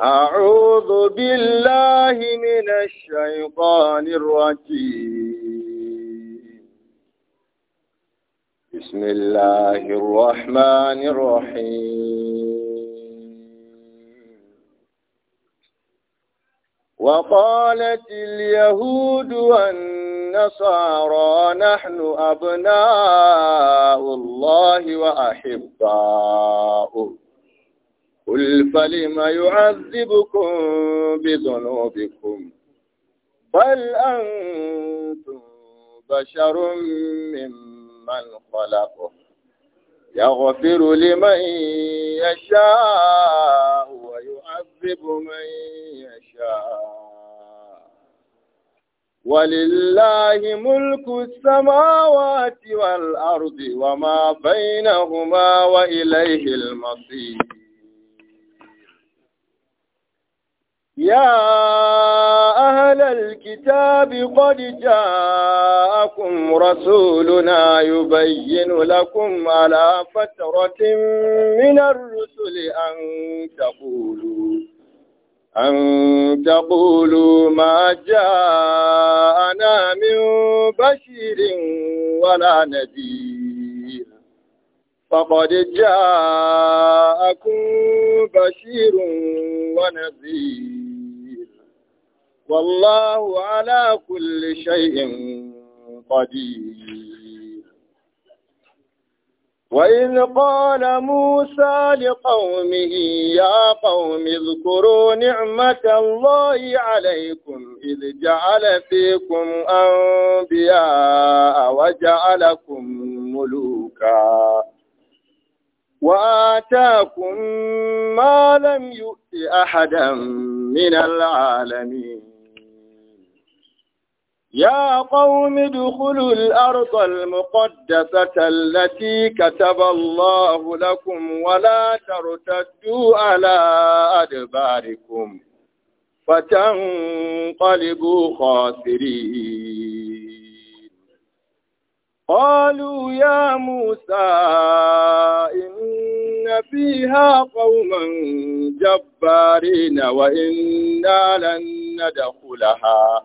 أعوذ بالله من الشيطان الرجيم بسم الله الرحمن الرحيم وقالت اليهود والنصارى نحن أبناء الله وأحباؤه قل فلم يعذبكم بذنوبكم بل أنتم بشر ممن خلقه يغفر لمن يشاء ويعذب من يشاء ولله ملك السماوات والأرض وما بينهما وإليه المصير يا أهل الكتاب قد جاءكم رسولنا يبين لكم على فترة من الرسل أن تقولوا أن تقولوا ما جاءنا من بشير ولا نذير فقد جاءكم بشير ونذير والله على كل شيء قدير وإذ قال موسى لقومه يا قوم اذكروا نعمة الله عليكم إذ جعل فيكم أنبياء وجعلكم ملوكا وآتاكم ما لم يؤت أحدا من العالمين يا قوم ادخلوا الأرض المقدسة التي كتب الله لكم ولا ترتدوا على أدباركم فتنقلبوا خاسرين قالوا يا موسى إن فيها قوما جبارين وإنا لن ندخلها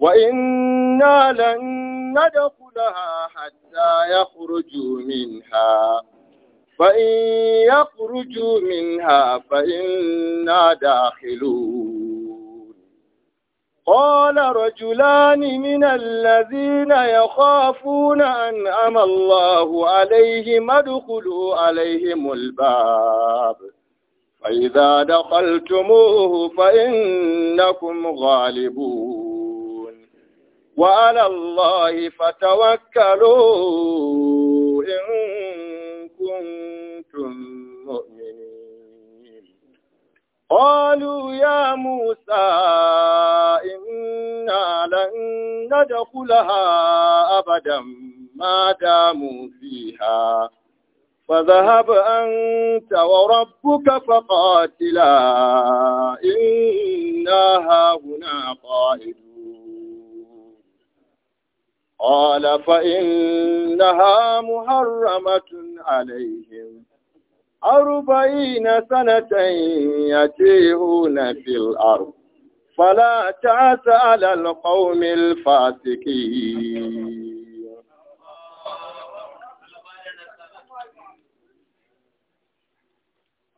وإنا لن ندخلها حتى يخرجوا منها فإن يخرجوا منها فإنا داخلون قال رجلان من الذين يخافون أنعم الله عليهم ادخلوا عليهم الباب فإذا دخلتموه فإنكم غالبون وعلى الله فتوكلوا إن كنتم مؤمنين قالوا يا موسى إنا لن ندخلها أبدا ما داموا فيها فذهب أنت وربك فقاتلا إنا هاهنا قائد قال فإنها محرمة عليهم أربعين سنة يتيهون في الأرض فلا تعس على القوم الفاسقين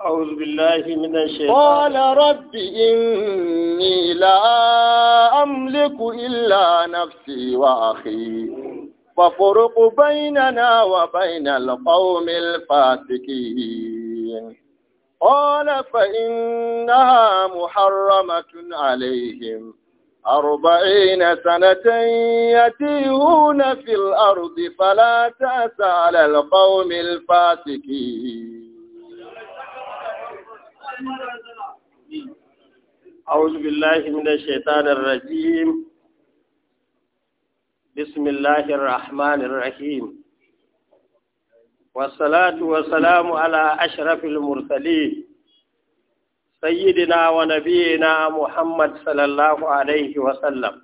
أعوذ بالله من الشيطان قال رب إني لا أملك إلا نفسي وأخي ففرق بيننا وبين القوم الفاسقين قال فإنها محرمة عليهم أربعين سنة يتيهون في الأرض فلا تأس على القوم الفاسقين أعوذ بالله من الشيطان الرجيم بسم الله الرحمن الرحيم والصلاة والسلام على أشرف المرسلين سيدنا ونبينا محمد صلى الله عليه وسلم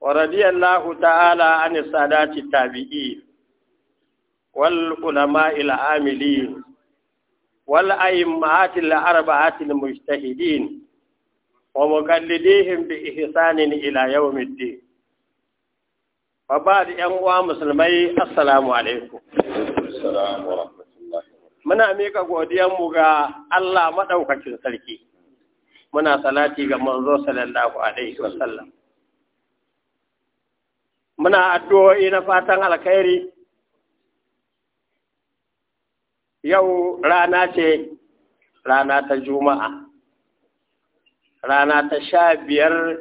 ورضي الله تعالى عن السادات التابعين والعلماء العاملين wal a'immat al arba'at al mujtahidin wa muqallidihim bi ihsanin ila yawm ad-din fa ba'd yan uwa musulmai assalamu alaikum muna mika godiyan mu ga Allah madaukakin sarki muna salati ga manzo sallallahu alaihi wasallam muna addu'o'i na fatan alkhairi yau rana ce rana ta juma'a rana ta sha biyar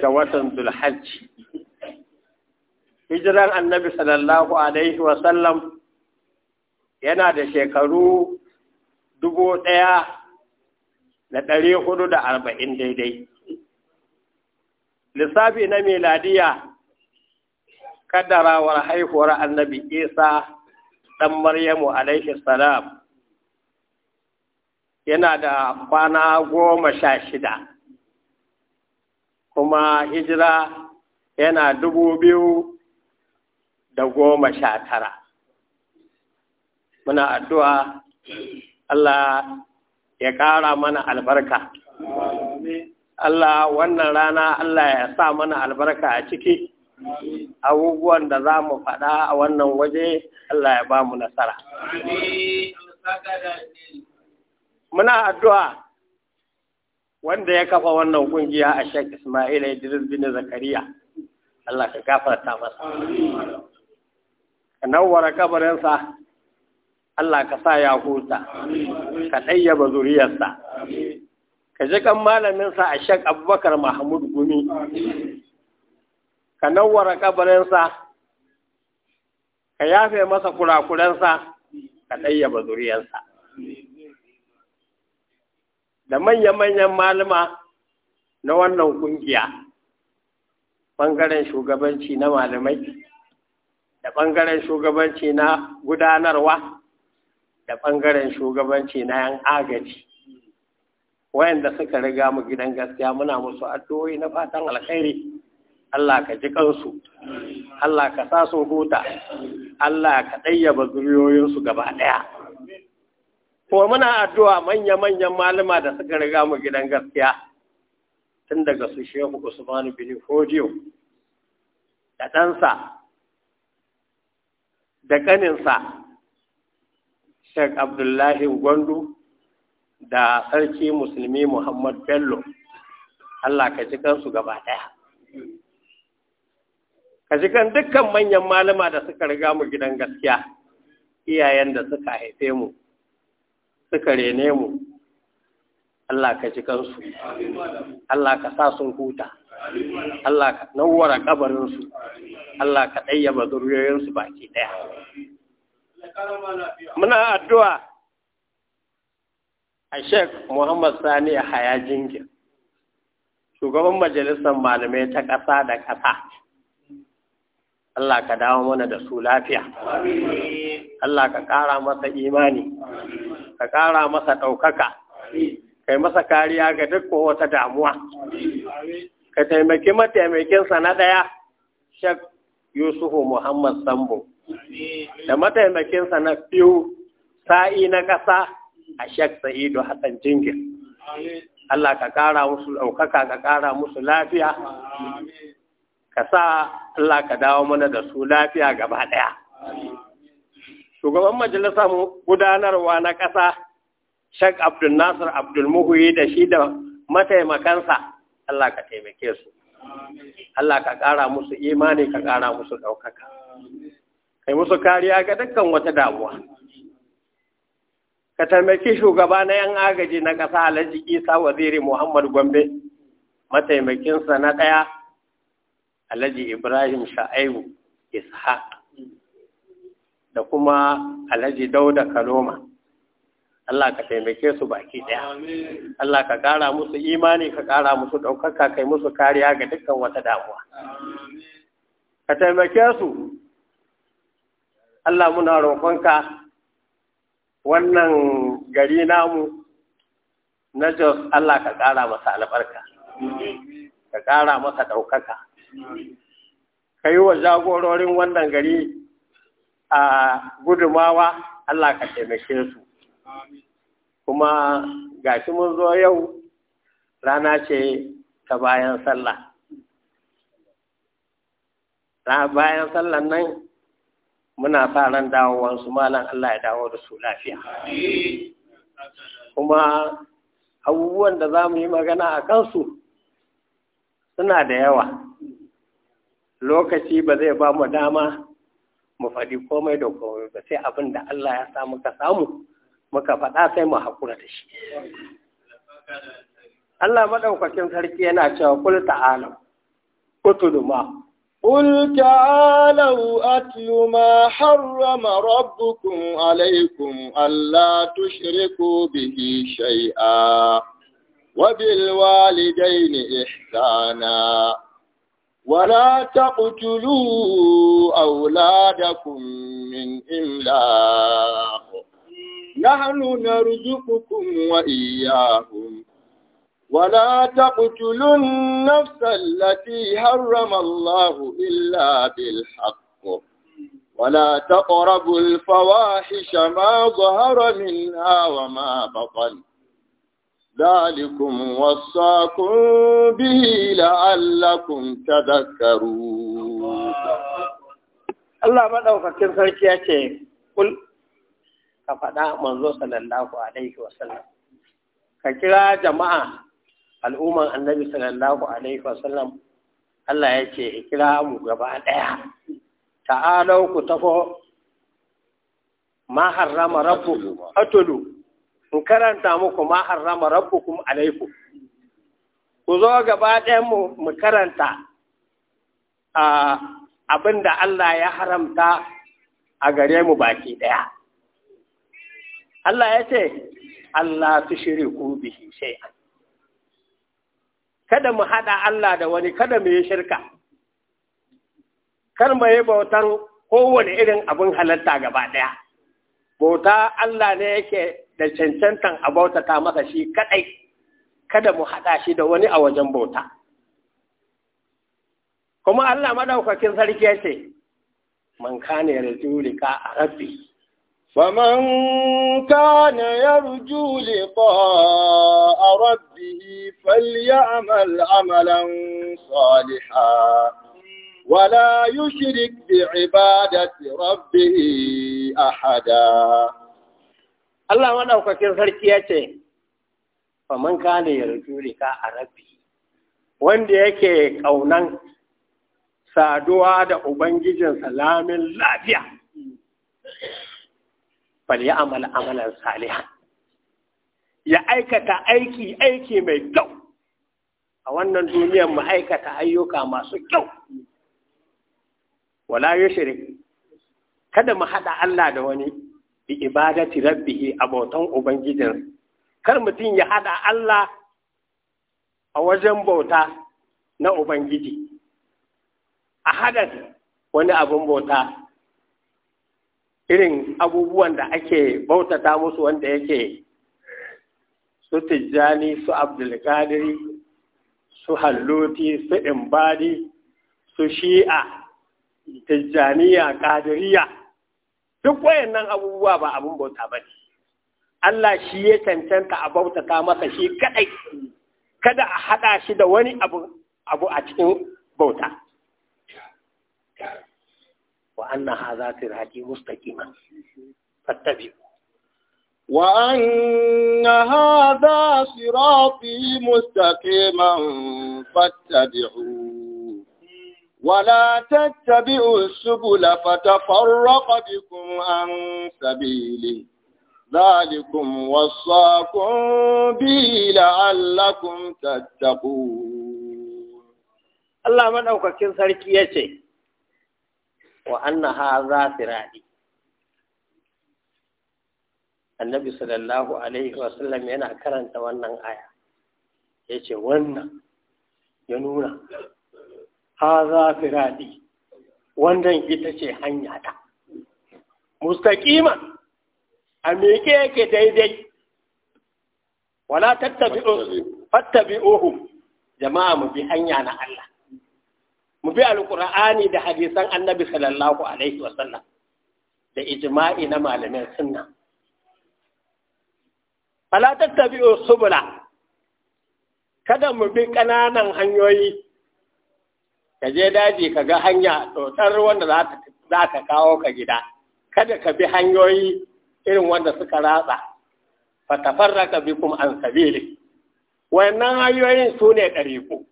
ga watan zulhajji hijiran annabi sallallahu alaihi wasallam yana da shekaru dubu ɗaya da ɗari hudu da arba'in daidai lissafi na miladiya kaddarawar haihuwar annabi isa ɗan Maryamu alaihi salam yana da kwana goma sha shida, kuma hijira yana dubu biyu da goma sha tara. Muna addu'a Allah ya ƙara mana albarka. Allah wannan rana Allah ya sa mana albarka a ciki. abubuwan da za mu faɗa a wannan waje Allah ya ba mu nasara. Muna addu'a wanda ya kafa wannan ƙungiya a Sheikh Ismail Idris bin Zakariya, Allah ka gafarta masa. Ka kabarinsa, Allah ka sa ya huta, ka ɗayyaba zuriyarsa. Ka ji kan malaminsa a Sheikh Abubakar Mahmud Gumi. ka nawara kabarinsa ka yafe masa kurakurensa ka ɗayyaba zuriyarsa da manya-manyan malama na wannan ƙungiya, ɓangaren shugabanci na malamai da ɓangaren shugabanci na gudanarwa da ɓangaren shugabanci na yan agaji wayanda suka riga mu gidan gaskiya muna musu addu'o'i na fatan alkhairi Allah ka ji kansu Allah ka sa su huta Allah ka ɗayyaba zuriyoyinsu gaba ɗaya ko muna addu'a manya-manyan malama da suka riga mu gidan gaskiya tun daga su shehu Usman bin Fodiyo da ɗansa da ƙaninsa Sheikh Abdullahi Gwandu da sarki musulmi Muhammad Bello Allah ka ji kansu gaba ɗaya kashikan dukkan manyan malama da suka riga mu gidan gaskiya iyayen da suka haife mu suka rene mu Allah ka ji kansu Allah ka sa sun huta Allah ka nawwara kabarinsu Allah ka ɗayyaba zuriyoyinsu baki ɗaya muna addu'a a Sheikh Muhammad Sani Haya Jingir shugaban majalisar malamai ta ƙasa da ƙasa Allah ka dawo mana da su lafiya Allah ka ƙara masa imani ka ƙara masa ɗaukaka kai masa kariya ga dukkan wata damuwa ka taimaki mataimakinsa na ɗaya shek yusufu muhammad sambo da mataimakinsa na biyu sa'i na ƙasa a shek sa'idu hassan jingir Allah ka ƙara musu ɗaukaka ka ƙara musu lafiya ka sa Allah ka dawo mana da su lafiya gaba ɗaya. Shugaban Majalisar gudanarwa na ƙasa, Sheikh Abdul Nasir Abdul Muhuyi da shi da mataimakansa, Allah ka taimake su. Allah ka ƙara musu imani ka ƙara musu ɗaukaka. Kai musu kariya ga dukkan wata damuwa. Ka taimaki shugaba na 'yan agaji na ƙasa Alhaji Isa Waziri Muhammad Gombe, mataimakinsa na ɗaya alhaji ibrahim sha'aibu ishaq da kuma alhaji dauda kaloma Allah ka taimake su baki ɗaya. Allah ka ƙara musu imani ka ƙara musu ɗaukaka kai musu kariya ga dukkan wata damuwa. Ka taimake su, Allah muna roƙonka wannan gari namu na Jos Allah ka ƙara masa albarka, ka ƙara masa ɗaukaka. ka yi wa jagororin wannan gari a gudumawa Allah ka taimake su kuma ga shi mun zo yau rana ce ta bayan sallah bayan sallan nan muna sa ran dawowansu malam Allah ya dawo da su lafiya kuma abubuwan da za mu yi magana a kansu suna da yawa lokaci ba zai ba mu dama mu faɗi komai da komai ba sai abin da Allah ya sa muka samu muka faɗa sai mu haƙura da shi Allah maɗaukakin sarki yana cewa kul ta'ala kutulu ma قل تعالوا أتل ما حرم ربكم عليكم bihi تشركوا به شيئا ni ihsana. ولا تقتلوا أولادكم من إملاق نحن نرزقكم وإياهم ولا تقتلوا النفس التي حرم الله إلا بالحق ولا تقربوا الفواحش ما ظهر منها وما بطن ذلكم وصاكم به لعلكم تذكرون Allah maɗaukakin sarki ya ce, Kul, ka faɗa manzo sallallahu Alaihi wasallam, ka kira jama'a al'umman annabi sallallahu Alaihi wasallam, Allah ya ce, kira mu gaba ɗaya, ta'alau ku taho ma harrama rabu, atulu. in karanta muku ma harrama rabbukum alaikum ku zo gaba ɗayan mu mu karanta abin da Allah ya haramta a gare mu baki ɗaya Allah ya ce Allah su shiri ku bihi shay'an kada mu haɗa Allah da wani kada mu yi shirka kar mu yi bautan kowane irin abin halatta gaba ɗaya bauta Allah ne yake da cancantan a bauta ta masa shi kaɗai kada mu haɗa shi da wani a wajen bauta kuma Allah madaukakin sarki ya ce man kana yarju a rabbi فمن كان يرجو لقاء ربه amalan saliha. Wala ولا bi ibadati rabbi ahada. Allah maɗaukakin sarki ya ce, Faman ne ya ka a rabbi, wanda yake ƙaunan saduwa da Ubangijinsa salamin lafiya, bal ya amala amalan saliha, ya aikata aiki aiki mai kyau, a wannan duniyar mu aikata ayyuka masu kyau, wala yi shirin, kada mu haɗa Allah da wani. bi ibadati rabbihi abotan ubangijin kar mutum ya hada Allah a wajen bauta na ubangiji a hada wani abin bauta irin abubuwan da ake bautata musu wanda yake su tijjani su abdulkadiri su halloti su imbadi su shi'a tijjaniya kadiriya duk wayannan abubuwa ba abun bauta ba ne Allah shi ya cancanta a bautata masa shi kadai kada a haɗa shi da wani abu abu a cikin bauta wa anna hadha sirati fattabi wa anna hadha sirati mustaqima فاتبعوه wala ta tabi usubu la fata farra kabi kun an tabi ile zalikun wasu akun bi ila allakun ta tabu Allah maɗaukakin sarki ya ce wa ha za su raɗi annabi sallallahu alaihi wasallam yana karanta wannan aya ya ce wannan ya nuna haza firadi wannan ita ce hanya ta mustaqima a miƙe yake daidai wala tattabi'u fattabi'uhu jama'a mu bi hanya na Allah mu bi alqur'ani da hadisan annabi sallallahu alaihi wasallam da ijma'i na malamin sunna Wala tattabi'u subula kada mu bi ƙananan hanyoyi ka je daji ka ga hanya tsotsar wanda za ka kawo ka gida kada ka bi hanyoyi irin wanda suka ratsa fatafarraka bikum an sabili wannan hanyoyin su ne ɗari ku.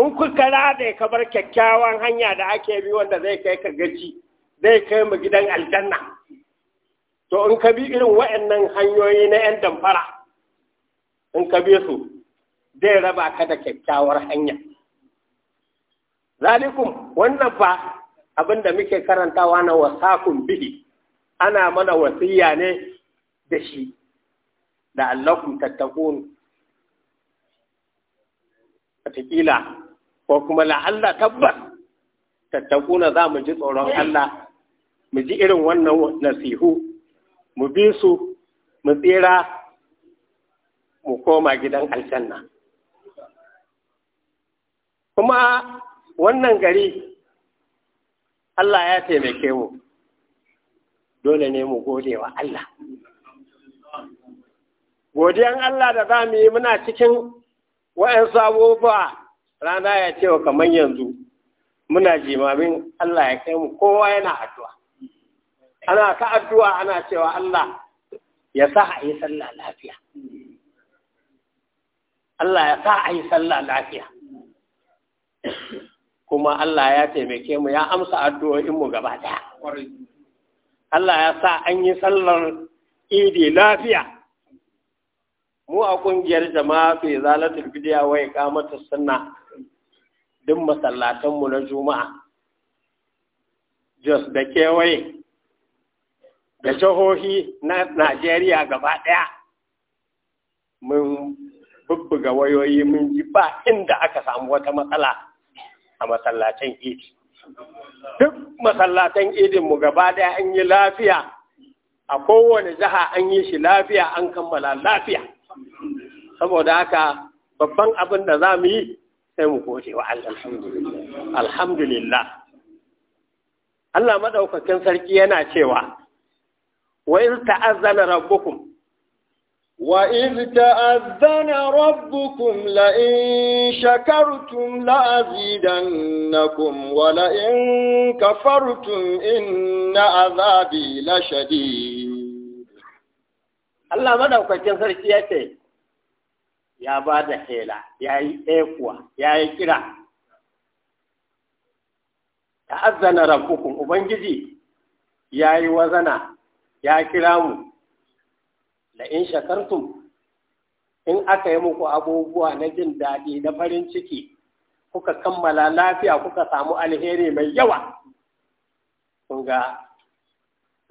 in kuka rade ka bar kyakkyawan hanya da ake bi wanda zai kai ka gaci zai kai mu gidan aljanna to in ka bi irin waɗannan hanyoyi na 'yan damfara in ka bi su zai raba ka da kyakkyawar hanya zalikun wannan fa abinda muke karantawa na wasakun bihi ana mana wasiya ne da shi da allakum tattakun watakila ko kuma la'alla tabbas tattakuna za mu ji tsoron Allah mu ji irin wannan nasihu mu bi su mu tsira mu koma gidan aljanna kuma wannan gari Allah ya taimake mu dole ne mu gode wa Allah godiyan Allah da za mu yi muna cikin wa'yan sabobuwa rana ya ce wa kamar yanzu muna jimamin Allah ya kai mu kowa yana addu'a ana ta addu'a ana cewa Allah ya sa a yi sallah lafiya Allah ya sa a yi sallah lafiya kuma Allah ya taimake mu ya amsa addu'o'inmu mu gaba Allah ya sa an yi sallar idi lafiya mu a ƙungiyar jama'a fi zalatul bidiya wai kamata sunna duk masallatan mu na juma'a jos da kewaye da jihohi na Najeriya gaba ɗaya mun bubbuga wayoyi mun ji ba inda aka samu wata matsala a masallatan idi duk masallatan idin mu gaba daya an yi lafiya a kowane jiha an yi shi lafiya an kammala lafiya saboda haka babban abin da za mu yi sai mu gode wa alhamdulillah Allah madaukakin sarki yana cewa wa in ta'azzana rabbukum وَإِذْ تَأَذَّنَ رَبُّكُمْ لئن شَكَرْتُمْ لأزيدنكم ولئن كَفَرْتُمْ إِنَّ عذابي لَشَدِيدٌ Allah madaukakin sarki ya ce, Ya ba da hela, ya yi tsaikuwa, ya yi kira, ta azana rabbukum Ubangiji ya yi wazana, ya kira mu, da in shakartum in aka yi muku abubuwa na jin daɗi na farin ciki kuka kammala lafiya kuka samu alheri mai yawa kun ga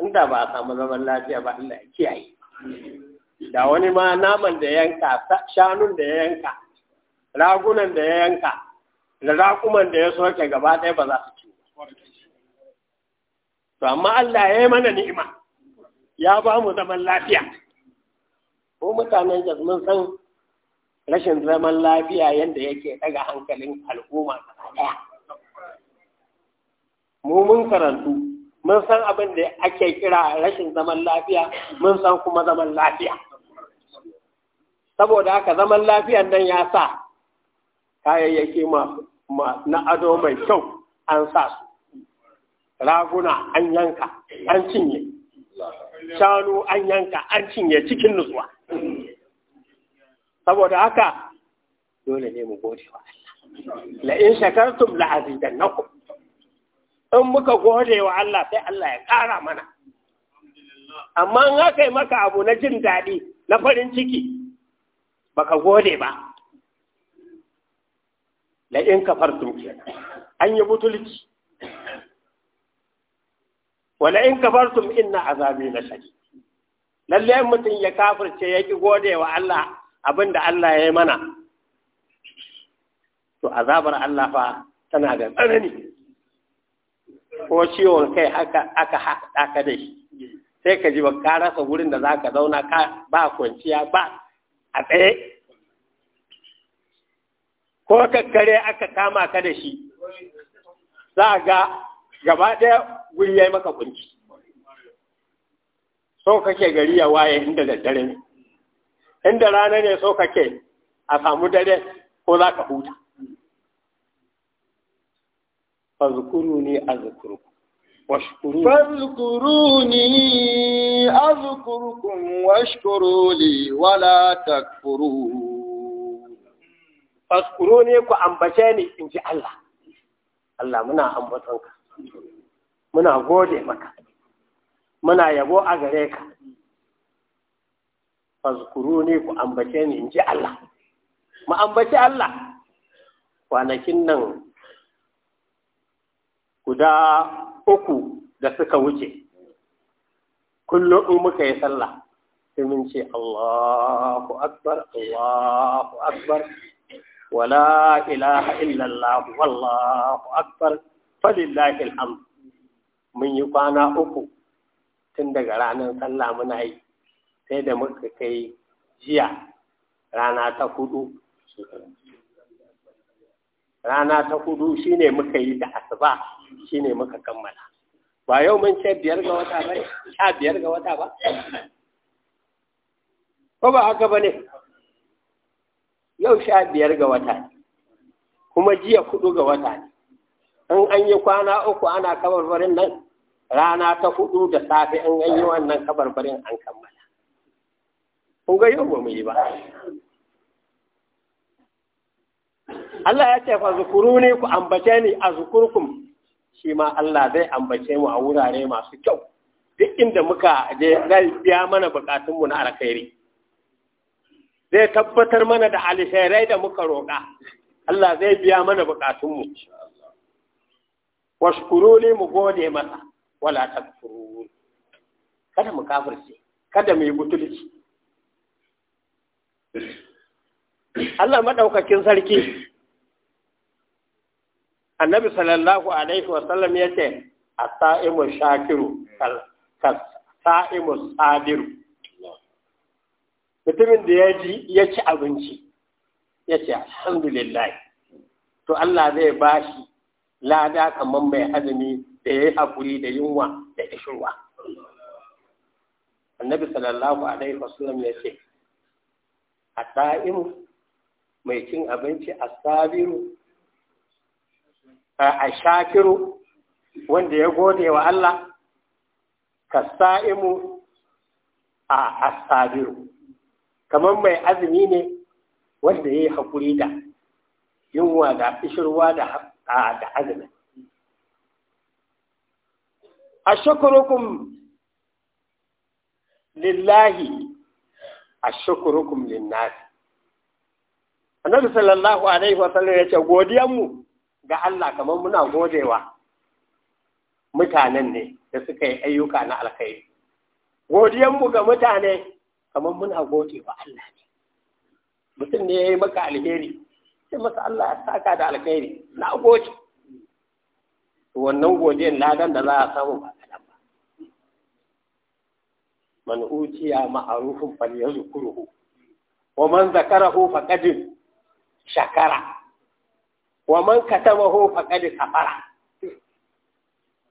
inda ba a samu zaman lafiya ba Allah ya kiyaye da wani ma naman da yanka shanun da ya yanka ragunan da ya yanka da raƙuman da ya soke gaba ɗaya ba za su ci to amma Allah ya yi mana ni'ima ya ba mu zaman lafiya ko mutanen da mun san rashin zaman lafiya yadda yake daga hankalin al'umma ɗaya mu mun karantu mun san abin da ake kira rashin zaman lafiya mun san kuma zaman lafiya saboda haka zaman lafiyan nan ya sa kayayyaki na ado mai kyau an sa su raguna an yanka an cinye shanu an yanka an cinye cikin nutsuwa saboda haka dole ne mu gode wa Allah la in shakartum la azidannakum in muka gode wa Allah sai Allah ya ƙara mana amma in aka yi maka abu na jin daɗi na farin ciki baka gode ba la in kafartum an yi butulci wala in kafartum inna azabi la shadid lalle mutun ya kafirce ya gode wa Allah abin da Allah ya yi mana to azabar Allah fa tana da tsanani ko ciwon kai aka haka da sai ka ji ba ka rasa wurin da za ka zauna ba kwanciya ba a tsaye ko kakkare aka kama ka da shi za ga gaba ɗaya wuri ya yi maka kunci so kake gari ya waye inda daddare ne inda rana ne so kake a samu dare ko za ka huta fazkuruni azkurkum washkuruni fazkuruni azkurkum washkuru li wala takfuru fazkuruni ku ambace ni in ji Allah Allah muna ambatonka muna gode maka muna yabo a gare ka ne ku ambace ni in ji Allah mu ambaci Allah kwanakin nan guda uku da suka wuce kullum in muka yi sallah sai mun ce Allahu akbar Allahu akbar wala ilaha illallah wallahu akbar falillahi alhamd mun yi kwana uku tun daga ranar sallah muna yi sai da muka kai jiya rana ta hudu rana ta hudu shine muka yi da asuba shine muka kammala ba yau mun ce biyar ga wata ba sha biyar ga wata ba ko ba haka ba ne yau sha biyar ga wata ne kuma jiya hudu ga wata ne in an yi kwana uku ana kabarbarin nan rana ta hudu da safe in an yi wannan kabarbarin an kammala ko ga yau ba mu yi ba Allah ya ce fa zukuruni ku ambace ni azkurkum shi ma Allah zai ambace mu a wurare masu kyau duk inda muka je zai biya mana bukatun mu na alkhairi zai tabbatar mana da alkhairai da muka roƙa Allah zai biya mana bukatun mu washkuruni mu gode masa wala takfuru kada mu kafirce kada mu yi butulci Allah maɗaukakin sarki annabi sallallahu alaihi wasallam ya ce a sa'imu shakiru ka sa'imu sadiru mutumin da ya ji ya ci abinci ya ce alhamdulillah to Allah zai ba shi lada kamar mai azumi da ya yi haƙuri da yunwa da ƙishirwa annabi sallallahu alaihi wasallam ya ce a mai cin abinci a sabiru a shakiru wanda ya gode wa Allah ka sa'imu a asabiru kamar mai azumi ne wanda ya yi haƙuri da yunwa da ishirwa da azumi a shakurukun lillahi ashkurukum linnas annabi sallallahu alaihi wasallam ya ce godiyan mu ga Allah kamar muna godewa mutanen ne da suka yi ayyuka na alkhairi godiyan mu ga mutane kamar muna godewa Allah ne mutum ne yayi maka alheri sai masa Allah ya saka da alkhairi na gode wannan godiyan ladan da za a samu ba man utiya ma'arufin falyazkuruhu wa man zakarahu faqad shakara wa man katamahu faqad kafara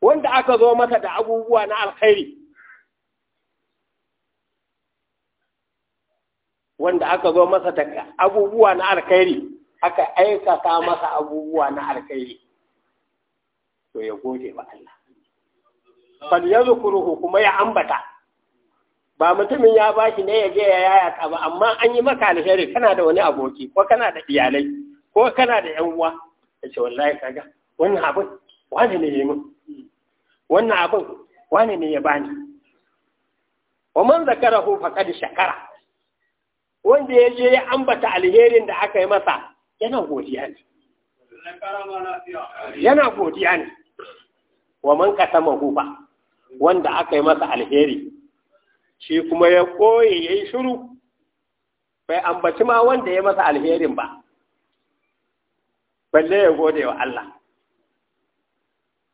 wanda aka zo masa da abubuwa na alkhairi wanda aka zo masa da abubuwa na alkhairi aka aikata masa abubuwa na alkhairi to ya gode wa Allah fal yadhkuruhu kuma ya ambata ba mutumin ya ba shi ne ya je ya yaya ba amma an yi maka alheri kana da wani aboki ko kana da iyalai ko kana da yan uwa ya ce wallahi kaga wannan abin wani ne ya min wannan abin wani ne ya bani wa man zakarahu faqad shakara wanda ya je ya ambata alherin da aka yi masa yana godiya ne yana godiya ne wa man kasama ba wanda aka yi masa alheri shi kuma ya koye ya yi shuru bai ambaci ma wanda ya masa alherin ba balle ya gode wa Allah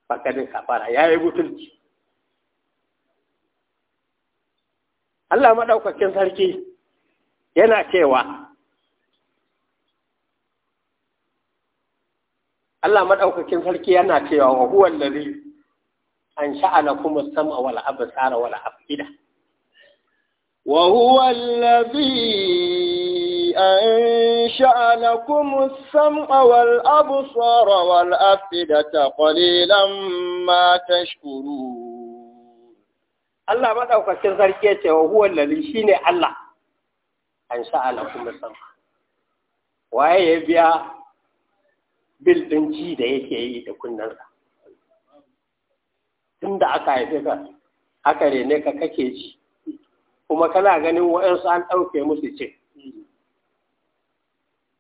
fakadin kafara ya yi butulci Allah maɗaukakin sarki yana cewa Allah maɗaukakin sarki yana cewa wa huwa allazi an sha'ana kuma sama abu tsara wala abu gida Wahu wallafi ansha'a na kuma sam'awar abu tsaro, wal'afi da taƙwali mata shuru. Allah maɗauka cikin zarge ce, wahuwar Ladi shine Allah. An sha'a na kuma sama. Waye ya biya Bill duk jiya da yake yi da kunnensa? Tunda aka haife ka, haka ne ka, kake ke ji. kuma kana ganin waɗansu an ɗauke musu ce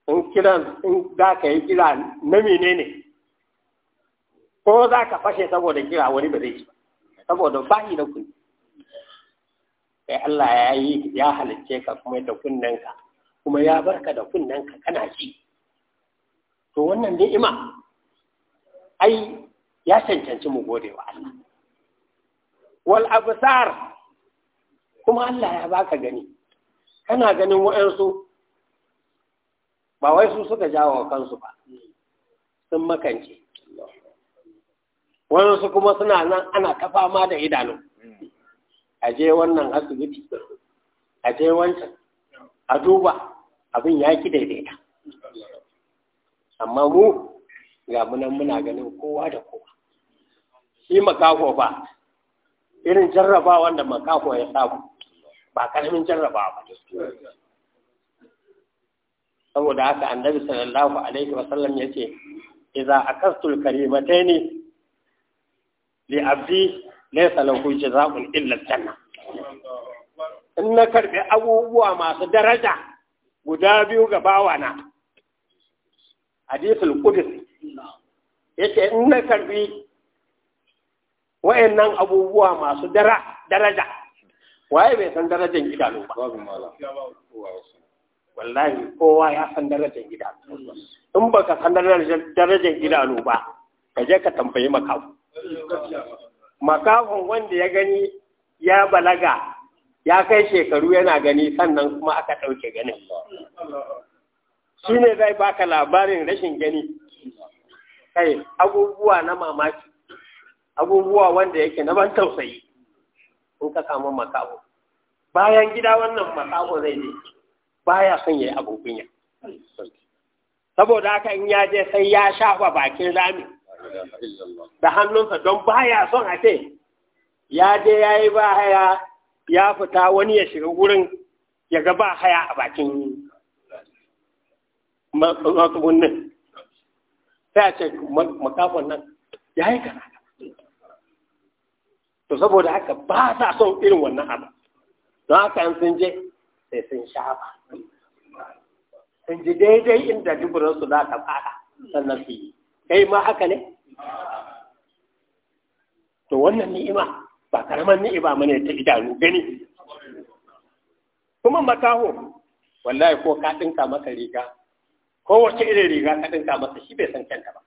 in kiran in za ka yi kira na menene ko za ka fashe saboda kira wani ba zai ci saboda yi da kuni. sai Allah ya yi ya halicce ka kuma da kunnenka kuma ya barka da kunnenka kana ci to wannan ni'ima ai ya cancanci mu gode wa Allah wal absar kuma Allah ya baka gani kana ganin waɗansu ba wai su suka jawo kansu ba sun makance waɗansu kuma suna nan ana kafa ma da idanu a wannan asibiti a wancan a duba abin ya ki daidaita amma mu ga munan muna ganin kowa da kowa shi makako ba irin jarrabawan da makako ya samu ba karamin jarraba ba saboda haka annabi sallallahu alaihi wasallam ya ce idza akastul karimataini li abdi laysa lahu jazaa'un illa janna in na karbi abubuwa masu daraja guda biyu ga bawana hadithul qudsi yace in na karbi wa'annan abubuwa masu daraja waye bai san darajar idanu ba wallahi kowa ya san darajar idanu in baka san darajar idanu ba ka je ka tambayi makafu makafin wanda ya gani ya balaga ya kai shekaru yana gani sannan kuma aka ɗauke ganin shi ne zai baka labarin rashin gani kai abubuwa na mamaki abubuwa wanda yake na ban tausayi in ka samu makaho bayan gida wannan makaho zai ne baya son ya yi abin kunya saboda haka in ya je sai ya shafa bakin rami da hannunsa don baya son a ce ya je ya yi ba haya ya fita wani ya shiga wurin ya ga ba haya a bakin matsugunin sai a ce makafon nan ya yi kana to saboda haka ba sa son irin wannan abu don haka an sun je sai sun shafa sun ji daidai inda jiburinsu za ta fada sannan su yi kai ma haka ne to wannan ni'ima ba karamar ni'ima mana ta idanu gani kuma makaho wallahi ko ka dinka masa riga ko wace irin riga ka dinka masa shi bai san kanta ba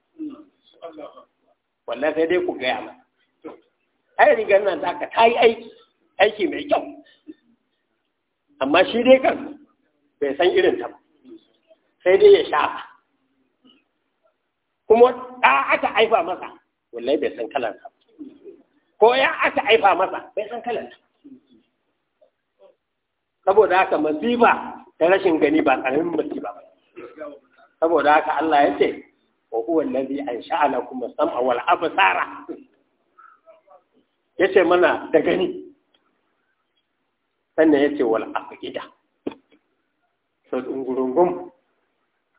wallahi sai dai ku gaya masa ai rigar nan za ka ta yi aiki aiki mai kyau amma shi dai kan bai san irin ta ba sai dai ya shafa kuma ɗa aka aifa masa wallahi bai san kalan ta ko ya aka aifa masa bai san kalan ta saboda haka masifa ta rashin gani ba ƙaramin masifa ba saboda haka Allah ya ce wa huwa allazi lakum as-sam'a wal absara ya ce mana da gani sannan ya ce wal aqida so ungurungum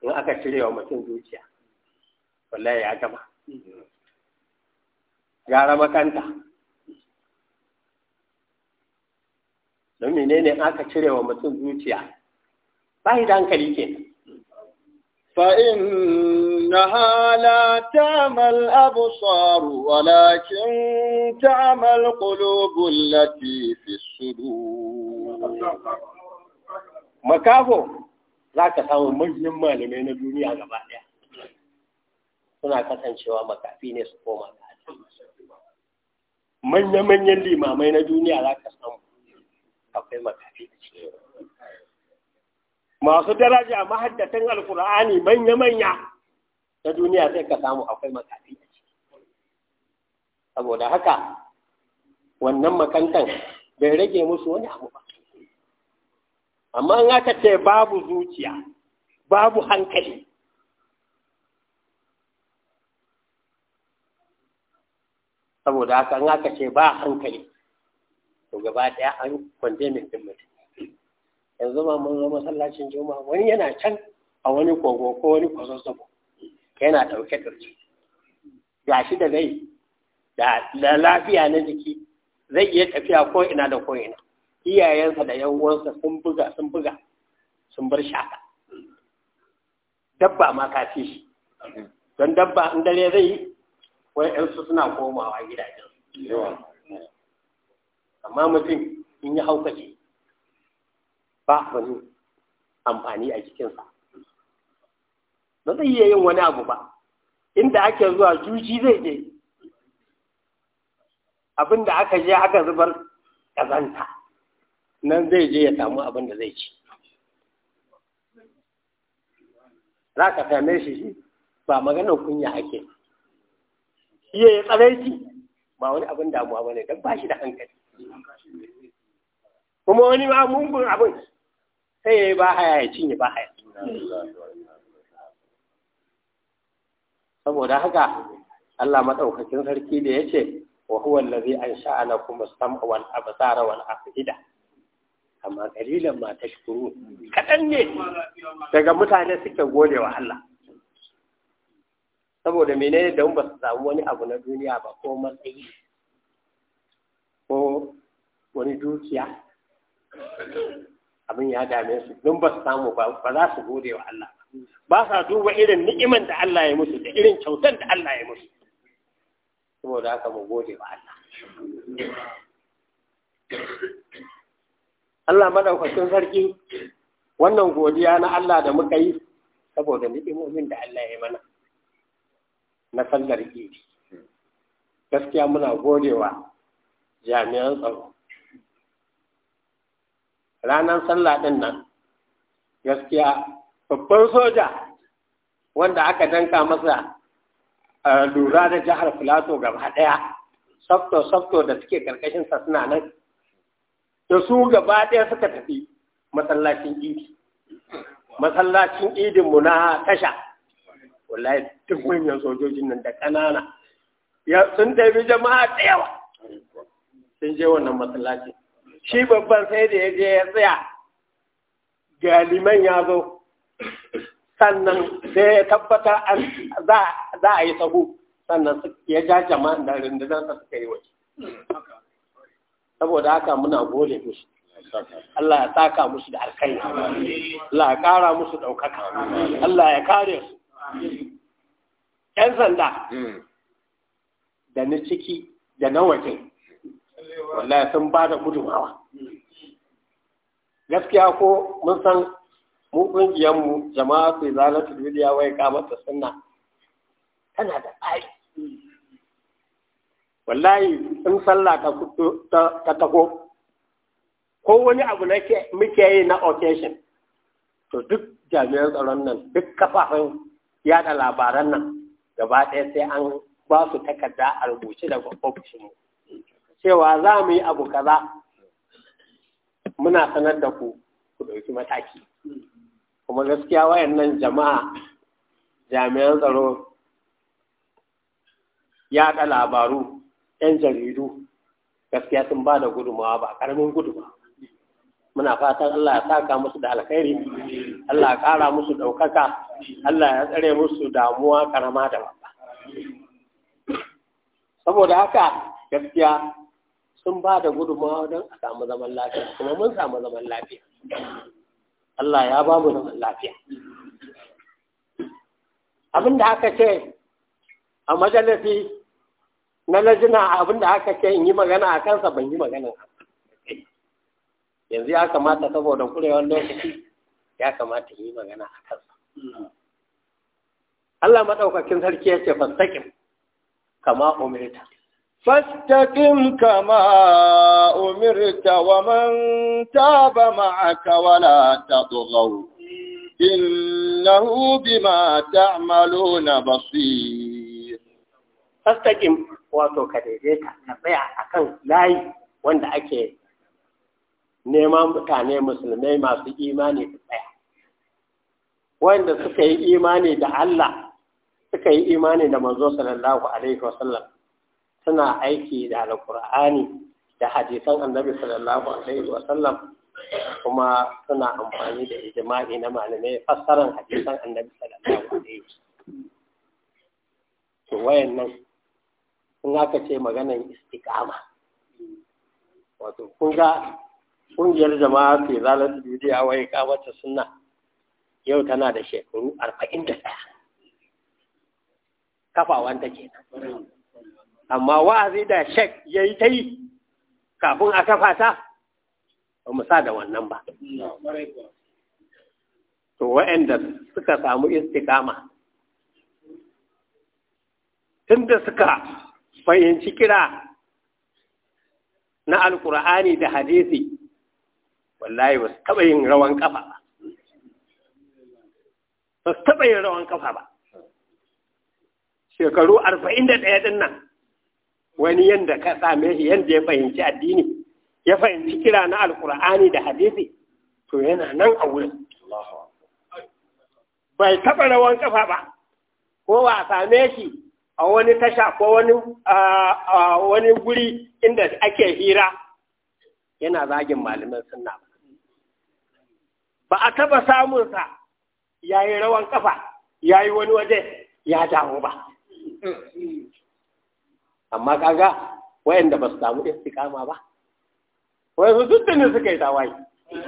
in aka cire wa mutum zuciya wallahi ya gama gara makanta don menene aka cire wa mutum zuciya ba da hankali kenan فإنها لا تعمى الأبصار ولكن تعمى القلوب التي في الصدور makafo za ka samu manyan malamai na duniya gaba ɗaya suna kasancewa makafi ne su koma ga manya-manyan limamai na duniya za ka samu akwai makafi masu daraja mahaddatan alkur'ani manya-manya na duniya sai ka samu akwai makafi a ciki saboda haka wannan makantan bai rage musu wani abu ba amma in aka ce babu zuciya babu hankali saboda haka in aka ce ba hankali to gaba ɗaya an kwanje ɗin mutum yanzu ma mun zo masallacin juma'a wani yana can a wani kogo ko wani kwazazzabo yana ɗauke ɗauke ga shi da zai da lafiya na jiki zai iya tafiya ko ina da ko ina iyayensa da yan sun buga sun buga sun bar shaka dabba ma ka fi shi don dabba in dare zai yi wai yansu suna komawa gidajen amma mutum in yi haukace ba wani amfani a jikinsa ba zai iya yin wani abu ba inda ake zuwa juji zai je abin da aka je aka zubar ƙazanta nan zai je ya samu abin da zai ci za ka same shi shi ba maganar kunya ake iya ya tsaraici ba wani abin damuwa ba ne don ba shi da hankali kuma wani ma mungun abin sai ya yi ba haya ya cinye ba haya saboda haka Allah maɗaukakin sarki da ya ce wa huwa allazi ansha'a lakum as-sam'a wal wal afida amma kalilan ma tashkuru kadan ne daga mutane suke gode wa Allah saboda menene da ba su samu wani abu na duniya ba ko matsayi ko wani dukiya abin ya dame su don ba su samu ba ba za su gode wa Allah ba sa duba irin ni'iman da Allah ya musu da irin kyautar da Allah ya musu saboda haka mu gode wa Allah Allah madaukakin sarki wannan godiya na Allah da muka yi saboda ni'imomin da Allah ya mana na sallar idi gaskiya muna gode wa jami'an tsaro ranar sallah ɗin nan gaskiya babban soja wanda aka danka masa lura da jihar filato gaba ɗaya safto-safto da suke sa suna nan da su gaba ɗaya suka tafi masallacin idi masallacin idinmu na tasha wallahi duk manyan sojojin nan da ƙanana sun tafi jama'a da yawa sun je wannan masallacin shi babban sai da ya je ya tsaya galiman ya zo sannan sai ya tabbatar za a yi sahu sannan ya ja jama'an da rundunansa suka yi waje saboda haka muna gode musu Allah ya saka musu da alkai Allah ya kara musu ɗaukaka Allah ya kare su ‘yan sanda hmm. da na ciki da na waje wallahi sun ba da gudumawa gaskiya ko mun san mu ƙungiyarmu jama'a su zalatu duniya wai kamata sunna tana da tsari wallahi in sallah ta tako ko wani abu na muke yi na occasion to duk jami'an tsaron nan duk kafafen yada labaran nan gaba ɗaya sai an ba su takarda a rubuce daga ofishinmu cewa za mu yi abu kaza muna sanar da ku ku ɗauki mataki kuma gaskiya nan jama'a jami'an tsaro ta labaru 'yan jaridu gaskiya sun ba da gudumawa ba ƙaramin guduma muna fatan Allah ya saka musu da alkhairi Allah ya ƙara musu ɗaukaka Allah ya tsare musu damuwa karama da babba saboda haka gaskiya sun ba da gudunmawa don a samu zaman lafiya kuma mun samu zaman lafiya Allah ya ba mu zaman lafiya abin da aka ce a majalisi na lajina abin da aka ce in yi magana a kansa ban yi magana yanzu ya kamata saboda kurewar lokaci ya kamata yi magana a kansa Allah maɗaukakin sarki ya ce fasakin kama umirta فاستقم كما أمرت ومن تاب معك ولا تطغوا إنه بما تعملون بصير فاستقم wato ka daidaita ka tsaya akan layi wanda ake neman mutane musulmai masu imani su tsaya wanda suka yi imani da Allah suka yi imani da manzo sallallahu alaihi wasallam suna aiki da alkur'ani da hadisan annabi sallallahu alaihi wa sallam kuma suna amfani da ijma'i na malamai fassarar hadisan annabi sallallahu alaihi wa sallam. to wayannan sun aka ce maganan istiqama wato kun ga kungiyar jama'a fi zalat bidiya wai kamata sunna yau tana da shekaru da ɗaya. kafawan ta kenan amma wa'azi da shek ya yi ta yi kafin a kafa ta ba mu sa da wannan ba to wa'anda suka samu istikama tunda suka fahimci kira na alkur'ani da hadisi wallahi ba su taɓa yin rawan ƙafa ba ba su taɓa yin rawan ƙafa ba shekaru arba'in da ɗaya ɗin nan wani yanda ka same shi yadda ya fahimci addini ya fahimci kira na alkur'ani da hadisi to yana nan a wurin bai taɓa rawan kafa ba ko ba a same shi a wani tasha ko wani wani guri inda ake hira yana zagin malaman sunna ba a taɓa samunsa ya yi rawan ƙafa ya yi wani waje ya dawo ba mm. amma kaga wayanda ba su samu istiqama ba wai su ne suka yi tawaye ne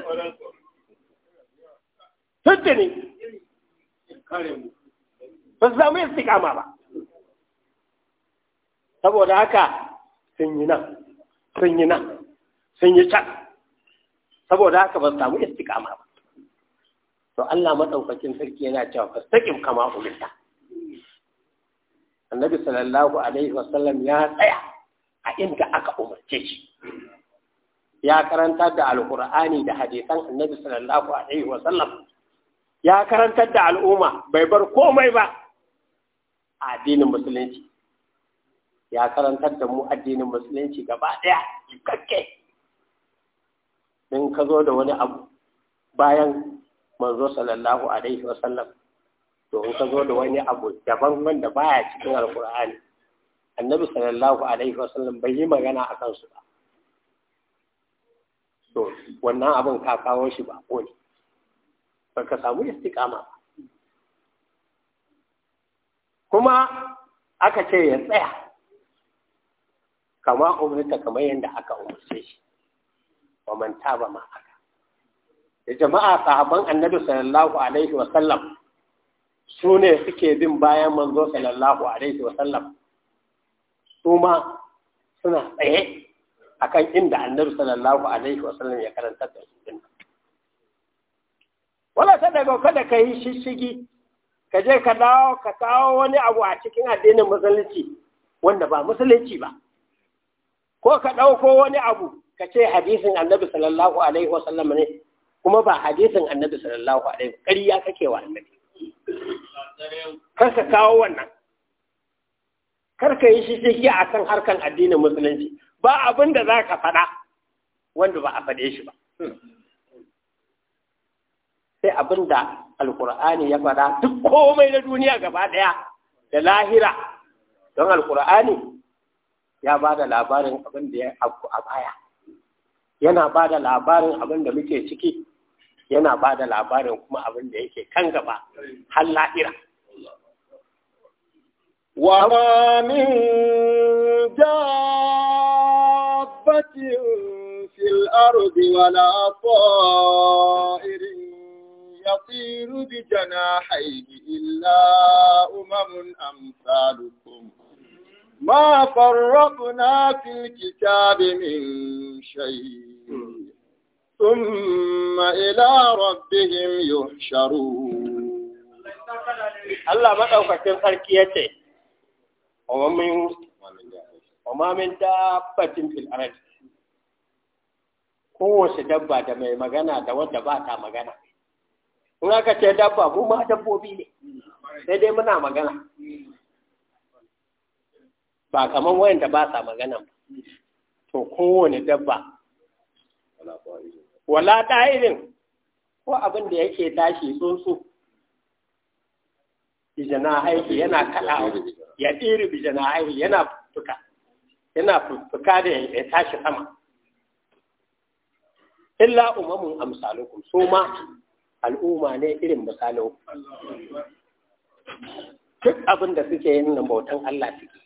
ba su samu istiqama ba saboda haka sun yi nan sun yi nan sun yi can saboda haka ba su samu istiqama ba to Allah madaukakin sarki yana cewa fastaqim kama umirta annabi sallallahu alaihi wasallam ya tsaya a inda aka umarce shi ya karantar da alkur'ani da hadisan annabi sallallahu alaihi wasallam ya karantar da al'umma bai bar komai ba a addinin musulunci ya karantar da mu addinin musulunci gaba ɗaya kakke in ka zo da wani abu bayan manzo sallallahu alaihi wasallam to in ka zo da wani abu daban wanda baya cikin alkur'ani annabi sallallahu alaihi wasallam bai yi magana a kansu ba to wannan abin ka kawo shi ba ko ne ba ka samu istiqama ba kuma aka ce ya tsaya kama umarta kamar yadda aka umarce shi wa man taba ma aka da jama'a sahabban annabi sallallahu alaihi wasallam su ne suke bin bayan manzo sallallahu alaihi sallam su ma suna tsaye akan inda annabi sallallahu alaihi wa sallam ya karanta da su din wala ta daga kada ka yi shishigi ka je ka dawo ka kawo wani abu a cikin addinin musulunci wanda ba musulunci ba ko ka ɗauko wani abu ka ce hadisin annabi sallallahu alaihi wa sallam ne kuma ba hadisin annabi sallallahu alaihi kariya kake wa annabi kar ka kawo wannan kar yi shi shi a kan harkan addinin musulunci ba abin da za ka faɗa wanda ba a faɗe shi ba sai abin da alkur'ani ya faɗa duk komai na duniya gaba ɗaya da lahira don alkur'ani ya ba da labarin abin da ya abu a baya yana ba da labarin abin da muke ciki yana ba da labarin kuma abin da yake kan gaba har la'ira. Wa min dabbatin fil ardi irin ta'irin yatiru bi janahihi illa umamun amsalukum ma farraqna fil kitabi min shay'in hmm. ثم إلى ربهم يحشرون Allah maɗaukakin sarki ya ce, Oma min dabbatin fil arad kowace dabba da mai magana da wanda ba ta magana. In aka ce dabba, mu ma dabbobi ne, sai muna magana. Ba kamar wayanda ba sa magana ba. To kowane dabba wala ɗa'irin ko abin da yake tashi tsuntsu bijana haihu yana kala ya ɗiri bijana haihu yana fuka yana fuka da ya tashi sama illa umamun amsalukum so ma al'umma ne irin misalin duk abin da suke yin nan bautan Allah suke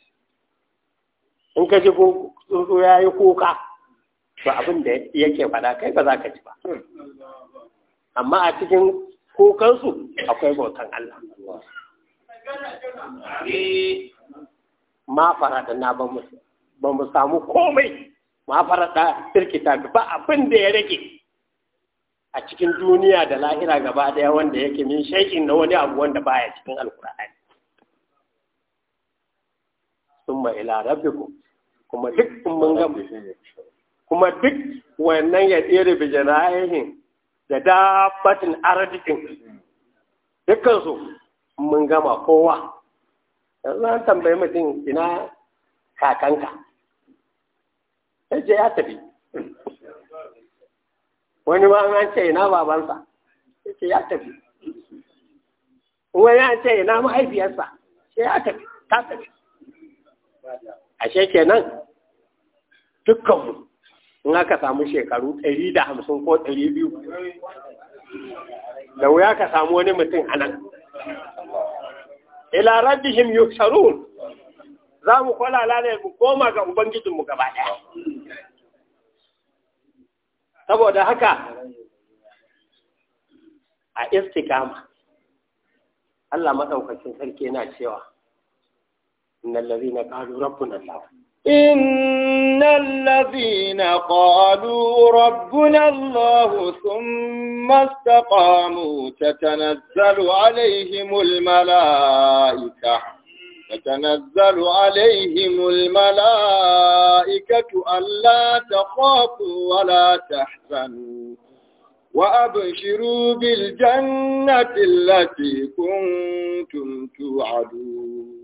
in ka ji tsuntsu ya yi kuka to abin da yake faɗa kai ba za ka ji ba hmm. amma a cikin kukansu akwai bautan Allah ma farada na ba mu samu komai ma farada firkita ba abin da ya rage a cikin duniya da lahira gaba daya wanda yake min shaikin na wani abu wanda baya cikin alkur'ani summa ila ku, kuma duk mun gamu kuma duk wannan ya tsere bijirahihin da dabbatin arzikin dukkansu mun gama kowa yanzu an tambayi mutum ina kakanka sai ya tafi wani ma an ce ina babansa sai ya tafi wani an ce ina mahaifiyarsa sai ya tafi ta tafi ashe kenan dukkanmu in aka samu shekaru ɗari da hamsin ko ɗari biyu da wuya ka samu wani mutum a nan ila rabbihim yusharun za mu kwalala ne mu koma ga ubangijinmu gaba ɗaya saboda haka a istikama Allah maɗaukacin sarki yana cewa innal ladhina qalu rabbuna Allah إن الذين قالوا ربنا الله ثم استقاموا تتنزل عليهم الملائكة تتنزل عليهم الملائكة ألا تخافوا ولا تحزنوا وأبشروا بالجنة التي كنتم توعدون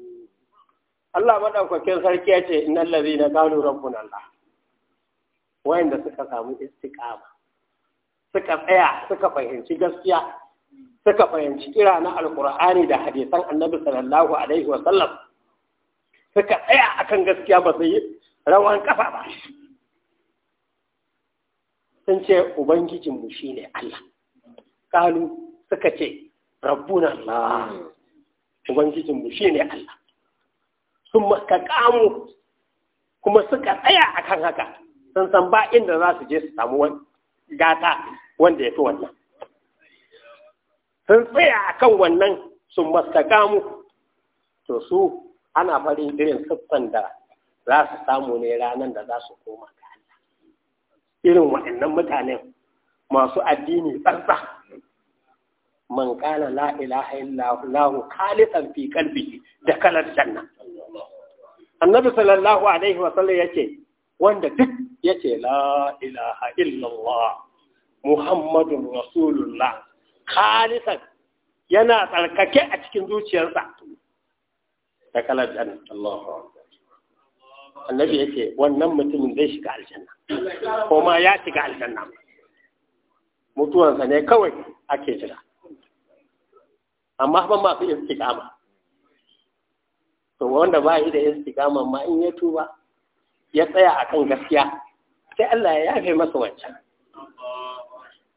Allah madaukakin sarki ya ce innal na qalu rabbuna Allah wayanda suka samu istiqama suka tsaya suka fahimci gaskiya suka fahimci kira na Alƙur'ani da hadisan annabi sallallahu alaihi wasallam, suka tsaya a kan gaskiya ba su yi rawan ƙafa ba sun ce ubangijinmu ne Allah kalu suka ce rabbuna Allah ubangijinmu ne Allah sun makakamu kuma suka tsaya a kan haka sun san ba inda za su je su samu gata wanda ya fi wannan sun tsaya a kan wannan sun makakamu to su ana farin irin siffan da za su samu ne ranar da za su koma ga Allah irin waɗannan mutanen masu addini tsantsa man kana la ilaha illahu khalisan fi da kalar janna annabi sallallahu alaihi wasallam yake wanda duk yake la ilaha illallah muhammadun rasulullah khalisan yana tsarkake a cikin zuciyarsa ta kalar janna Allahu annabi yake wannan mutumin zai shiga aljanna ko ma ya shiga aljanna mutuwansa ne kawai ake jira amma ba masu ba to wanda ba shi da istiqama ma in ya tuba ya tsaya akan gaskiya sai Allah ya yafe masa wancan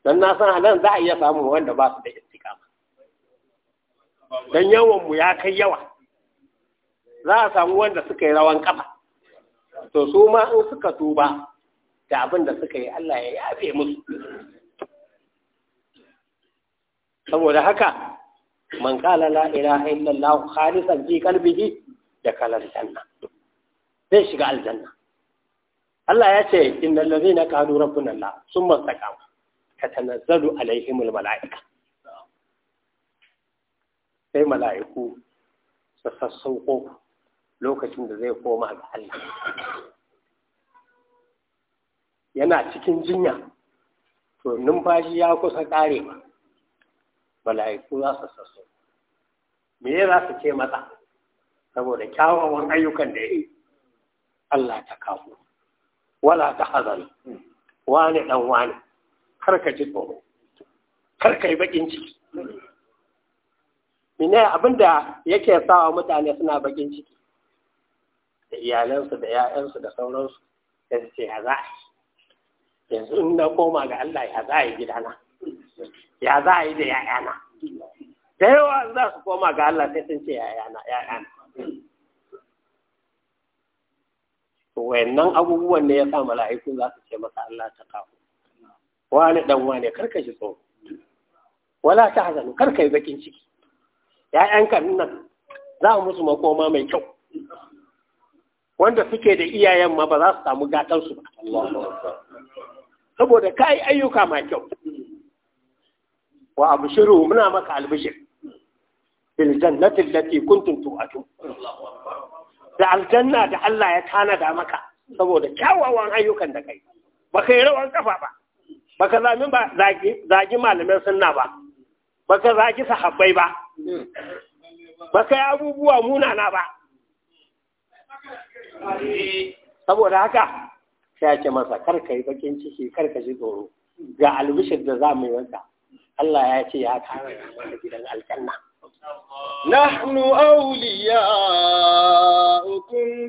dan na san anan za a iya samu wanda ba su da istiqama dan yawan mu ya kai yawa za a samu wanda suka yi rawan kafa to su ma in suka tuba da abin da suka yi Allah ya yafe musu saboda haka man kala la ilaha illallah khalisan fi qalbihi da kalar janna zai shiga aljanna Allah ya ce innal ladhina qalu rabbuna Allah summa istaqamu tatanazzalu alaihimul mala'ika sai mala'iku su sassauko lokacin da zai koma ga Allah yana cikin jinya to numfashi ya kusa karewa mala'iku za su sassauko me za su ce mata saboda kyawawan ayyukan da yi Allah ta kafu wala ta hazari wani dan wani kar ka ji tsoro kar ka yi bakin ciki ne abinda yake sawa mutane suna bakin ciki da iyalansu da 'ya'yansu da sauransu da su ce ya yanzu in na koma ga Allah ya za a yi gidana ya za a yi da 'ya'yana da yawa za su koma ga Allah sai sun ce 'ya'yana 'ya'yana wayannan abubuwan ne ya sa mala'iku za su ce masa Allah ta kafu wani dan wane karka shi tsoro wala ta hazanu karka yi bakin ciki ‘ya'yanka nan za mu musu makoma mai kyau wanda suke da iyayen ma ba za su samu su ba saboda ka ayyuka mai kyau wa abshiru muna maka albishir bil jannati allati kuntum tu'adun da aljanna da Allah ya tanada maka saboda kyawawan ayyukan da kai ba kai rawan kafa ba ba ka zami ba zagi malamin sunna ba ba ka zagi sahabbai ba ba ka abubuwa munana ba saboda haka ya ce masa karka yi bakin ciki kar ka ji tsoro ga albishir da za mu yi Allah ya ce ya kare mana gidan aljanna نحن أولياؤكم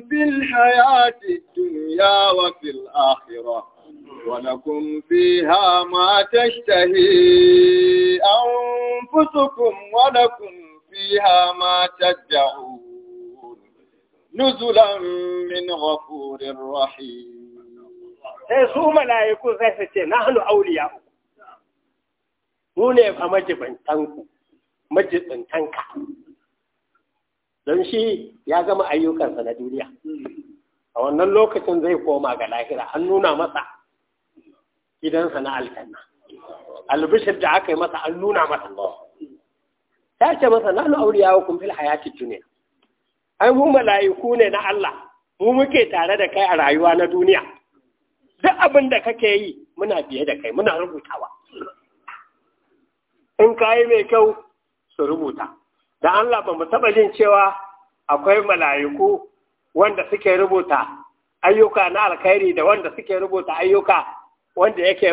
في الحياة الدنيا وفي الآخرة ولكم فيها ما تشتهي أنفسكم ولكم فيها ما تدعون نزلا من غفور رحيم sai لا يكون sai su ce nahnu awliya'u mu tanka don shi ya gama ayyukansa na duniya a wannan lokacin zai koma ga lahira an nuna masa gidansa na alkanna albishir da aka yi masa an nuna masa ta ce masa na auriya yawon kumfil hayati duniya ai mu mala'iku ne na Allah mu muke tare da kai a rayuwa na duniya duk abin da kake yi muna biye da kai muna rubutawa in ka mai kyau su rubuta da Allah ba mu taɓa jin cewa akwai mala'iku wanda suke rubuta ayyuka na alkhairi da wanda suke rubuta ayyuka wanda yake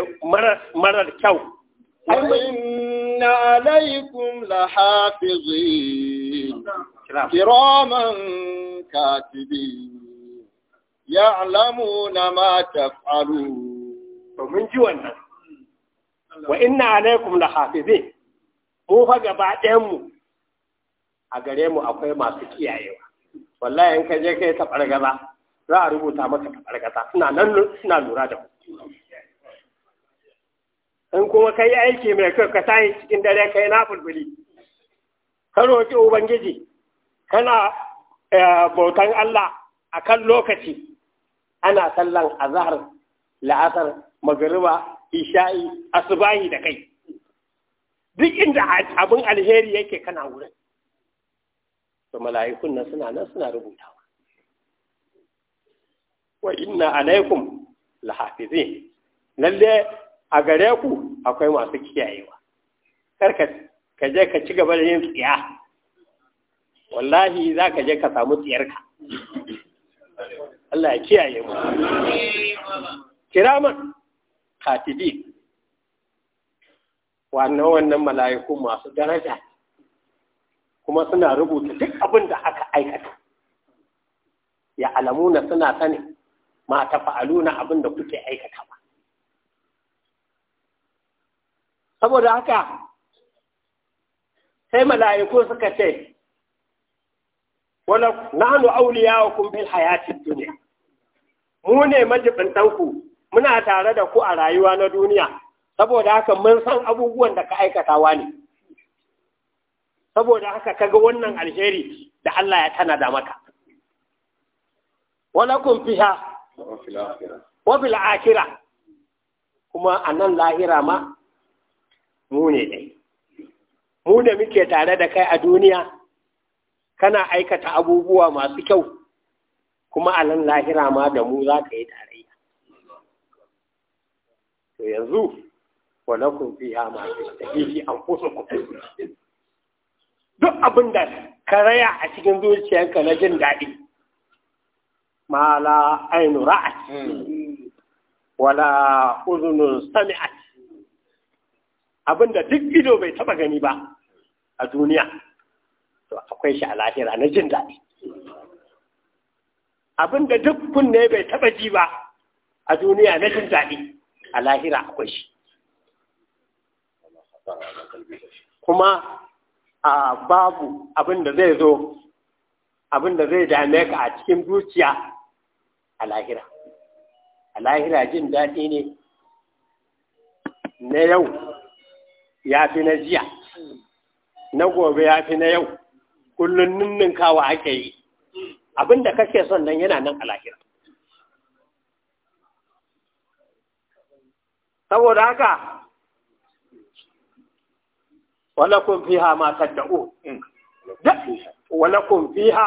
marar kyau وإن عليكم لحافظين كراما كاتبين يعلمون ما تفعلون ومن جوانا وإن عليكم لحافظين mu fa gaba mu, a gare mu akwai masu kiyayewa wallahi in ka je kai ta za a rubuta maka ta suna nan suna lura da ku. in kuma ka yi aiki mai kyau ka tashi cikin dare kai na bulbuli ka roƙi ubangiji kana eh, bautan Allah a kan lokaci ana sallan azahar la'asar magariba isha'i asubahi da kai duk inda abin alheri yake kana wurin to mala'ikun nan suna nan suna rubutawa wa inna alaikum lahafizi, lalle a gare ku akwai masu kiyayewa karka ka je ka ci gaba da yin tsiya wallahi za ka je ka samu tsiyarka Allah ya kiyaye mu kiraman katibi wannan wannan mala'iku masu daraja kuma suna rubuta duk abin da aka aikata ya alamuna suna sani ma ta fa'aluna abin da kuke aikata ba saboda haka sai mala'iku suka ce wala auliya wa fil hayatid dunya mu ne majibantanku muna tare da ku a rayuwa na duniya saboda haka mun san abubuwan da ka aikatawa ne saboda haka ga wannan alheri da Allah ya tana da maka walakum fiha wa fil akhirah kuma anan lahira ma mu ne dai mu da muke tare da kai a duniya kana aikata abubuwa masu kyau kuma a nan lahira ma da mu za ka yi tarayya to yanzu walakun fiha ma kusa anfusukum duk abin da ka raya a cikin zuciyarka na jin daɗi Mala ainu ra'at wala uzunun sami'at abin da duk ido bai taba gani ba a duniya to akwai shi a lahira na jin daɗi abin da duk kunne bai taba ji ba a duniya na jin daɗi a lahira akwai shi kuma a babu abin da zai zo abin da zai dame ka a cikin zuciya a lahira a lahira jin daɗi ne na yau ya fi na jiya na gobe ya fi na yau kullum kawa ake yi abin da kake son nan yana nan a lahira saboda haka walakun fiha ma tadda'u walakun fiha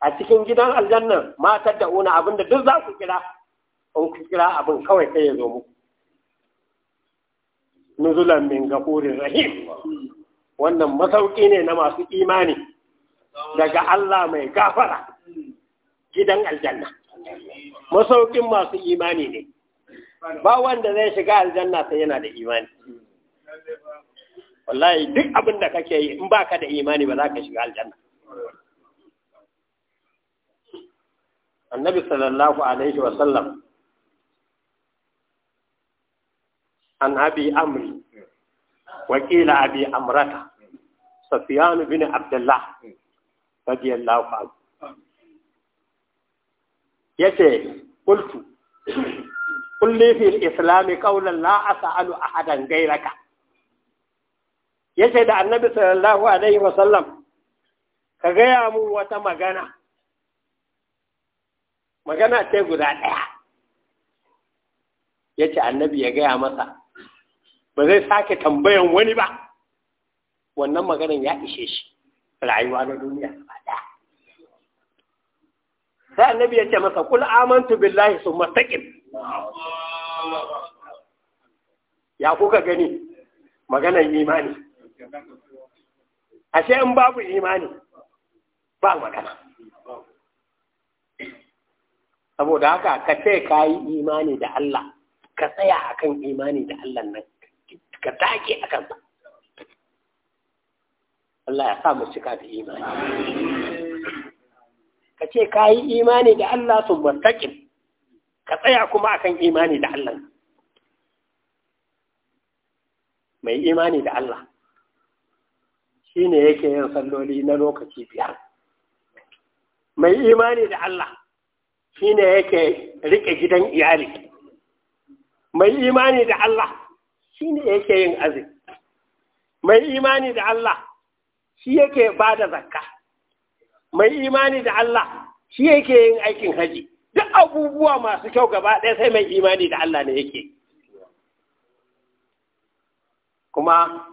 a cikin gidan aljanna ma tadda'u na abinda duk za ku kira in ku kira abin kawai kai ya zo muku nuzulan min gafurin rahim wannan masauki ne na masu imani daga Allah mai gafara gidan aljanna masaukin masu imani ne ba wanda zai shiga aljanna sai yana da imani wallahi duk abin da kake yi in baka da imani ba za ka shiga aljanna annabi sallallahu alaihi wasallam an abi amri wakila abi amrata safiyanu bin abdullah radiyallahu anhu yace qultu qul li fil islam qawlan la as'alu ahadan ghayraka Ya ce da annabi sallallahu alaihi wasallam ka gaya mu wata magana magana ce guda ɗaya ce annabi ya gaya masa ba zai sake tambayan wani ba wannan maganan ya ishe shi rayuwa na duniya ba sai annabi ya ce masa kul amantu billahi sun mastaƙin ya kuka gani maganan imani ashe in babu imani ba magana saboda haka ka ce ka yi imani da Allah ka tsaya akan imani da Allah nan ka take akan ba Allah ya sa mu cika da imani ka ce ka yi imani da Allah sun bartakin ka tsaya kuma akan imani da Allah mai imani da Allah shi ne yake yin salloli na lokaci biyar mai imani da Allah shi ne yake riƙe gidan iyali mai imani da Allah shi ne yake yin azumi mai imani da Allah shi yake ba da zakka mai imani da Allah shi yake yin aikin haji duk abubuwa masu kyau gaba ɗaya sai mai imani da Allah ne yake kuma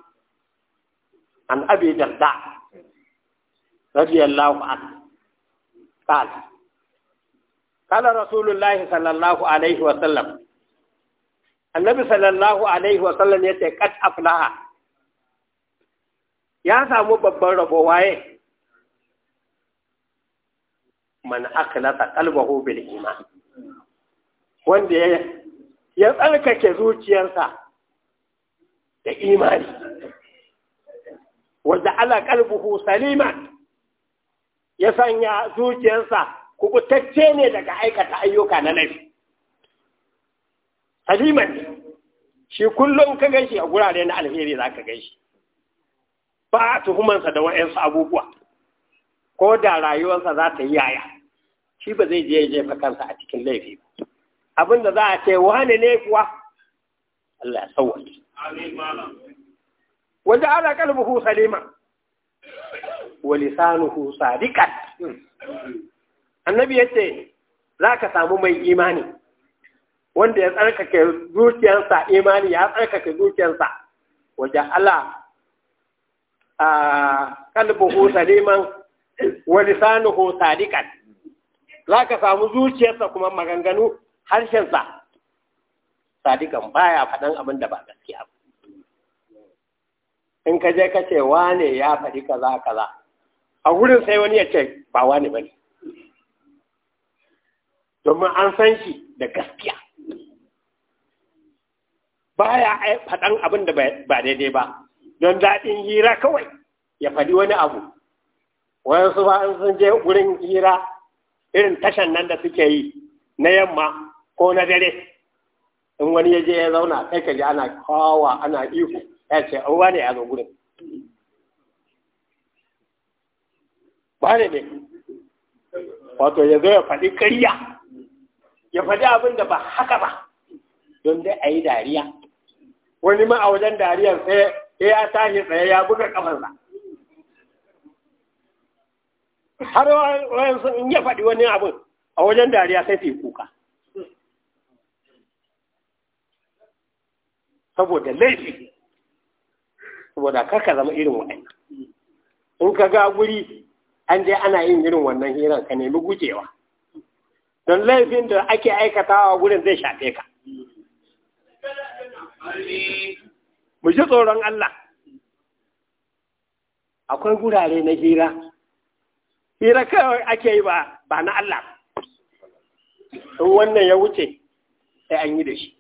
an abi da da radi Allah ku an qal qal alaihi wa sallam annabi sallallahu alaihi wa sallam ya kat aflaha ya samu babban rabo waye man aqlata qalbuhu bil iman wanda ya ya tsarkake zuciyarsa da imani Wanda ala kalbuhu saliman ya sanya zuciyarsa kubutacce ne daga aikata ayyuka na laifi saliman shi kullum ka ganshi a gurare na alheri za ka ganshi. ba a tuhumansa da waɗansu abubuwa ko da rayuwarsa za ta yi yaya shi ba zai je jefa kansa a cikin laifi ba abinda za a ce wani ne kuwa Allah ya sauwa. wanda ala qalbuhu salima wa lisanuhu sadiqan annabi yace ka samu mai imani wanda ya tsarkake zuciyarsa imani ya tsarkake zuciyarsa waje ala a kalbuhu saliman wa lisanuhu sadiqan ka samu zuciyarsa kuma maganganu harshensa sadiqan baya faɗan abin da ba gaskiya ba in ka je ka ce wane ya faɗi kaza kaza a wurin sai wani ya ce ba wane ba ne domin an san shi da gaskiya baya faɗan abin da ba daidai ba don daɗin hira kawai ya faɗi wani abu wayansu ba an sun je wurin hira irin tashan nan da suke yi na yamma ko na dare in wani ya je ya zauna sai ka ji ana kawa ana ihu ya ce an wane a zo gurin ba ne ne wato ya zo ya faɗi ƙarya ya faɗi abin da ba haka ba don dai a yi dariya wani ma a wajen dariyar sai ya tashi tsaye ya buga ƙafarsa. har wayansu in ya faɗi wani abin a wajen dariya sai su yi kuka saboda laifi saboda karka zama irin wa'annan in ka ga guri an je ana yin irin wannan hirar ka nemi gujewa don laifin da ake aikatawa gurin zai shafe ka mu ji tsoron Allah akwai gurare na hira hira kawai ake yi ba na Allah in wannan ya wuce sai an yi da shi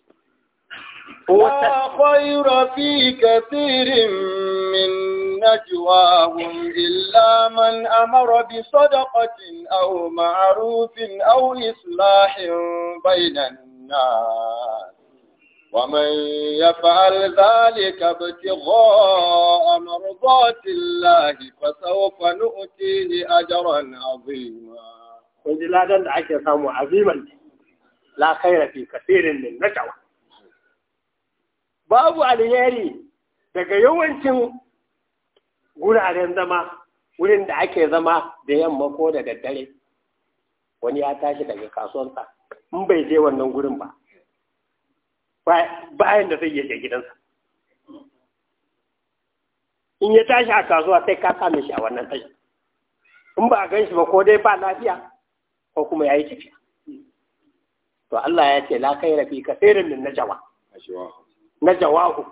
وخير خير في كثير من نجواهم إلا من أمر بصدقة أو معروف أو إصلاح بين الناس ومن يفعل ذلك ابتغاء مرضات الله فسوف نؤتيه أجرا عظيما. وجلالا عكس عظيما لا خير في كثير من نجوى babu alheri daga yawancin guraren zama wurin da ake zama da yamma ko da daddare wani ya tashi daga kasuwarsa in bai je wannan gurin ba bayan da zai je gidansa in ya tashi a kasuwa sai ka same shi a wannan tashi in ba a gan shi ba ko dai ba lafiya ko kuma ya yi tafiya to Allah ya ce la kai rafi ka sirrin min jawa. na jawabu,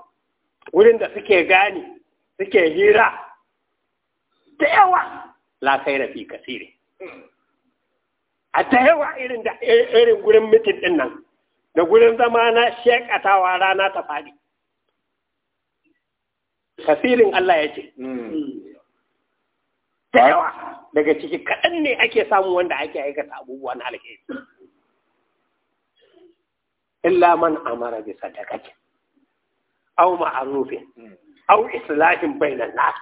wurin da suke gani suke hira da yawa la khaira fi kasiri a ta yawa irin da irin gurin mitin din nan da gurin zama na shekatawa rana ta faɗi kasirin Allah ya ce da yawa daga ciki kaɗan ne ake samu wanda ake aikata abubuwa na alheri illa man amara bi sadaqatin au ma'arufin au islahin bainan nas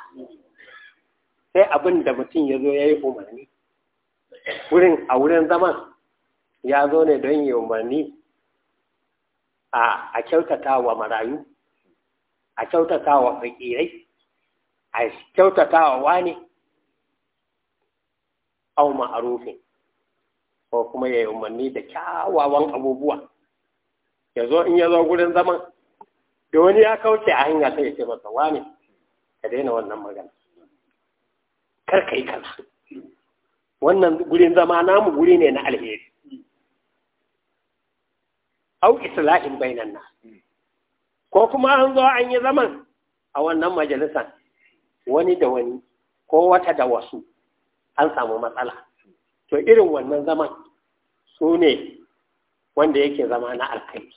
sai abin da mutum ya zo ya yi umarni wurin a wurin zaman ya zo ne don yi umarni a kyautata wa marayu a kyautata wa fakirai a kyautata wa wani au ma'arufin ko kuma ya yi umarni da kyawawan abubuwa ya zo in ya zo gurin zaman da wani ya kauce a hanya sai ya ce masa wani ka daina wannan magana kar ka yi kaza wannan gurin zama namu guri ne na alheri au islahin bainan na ko kuma an zo an yi zaman a wannan majalisan wani da wani ko wata da wasu an samu matsala to irin wannan zaman su ne wanda yake zama na alkai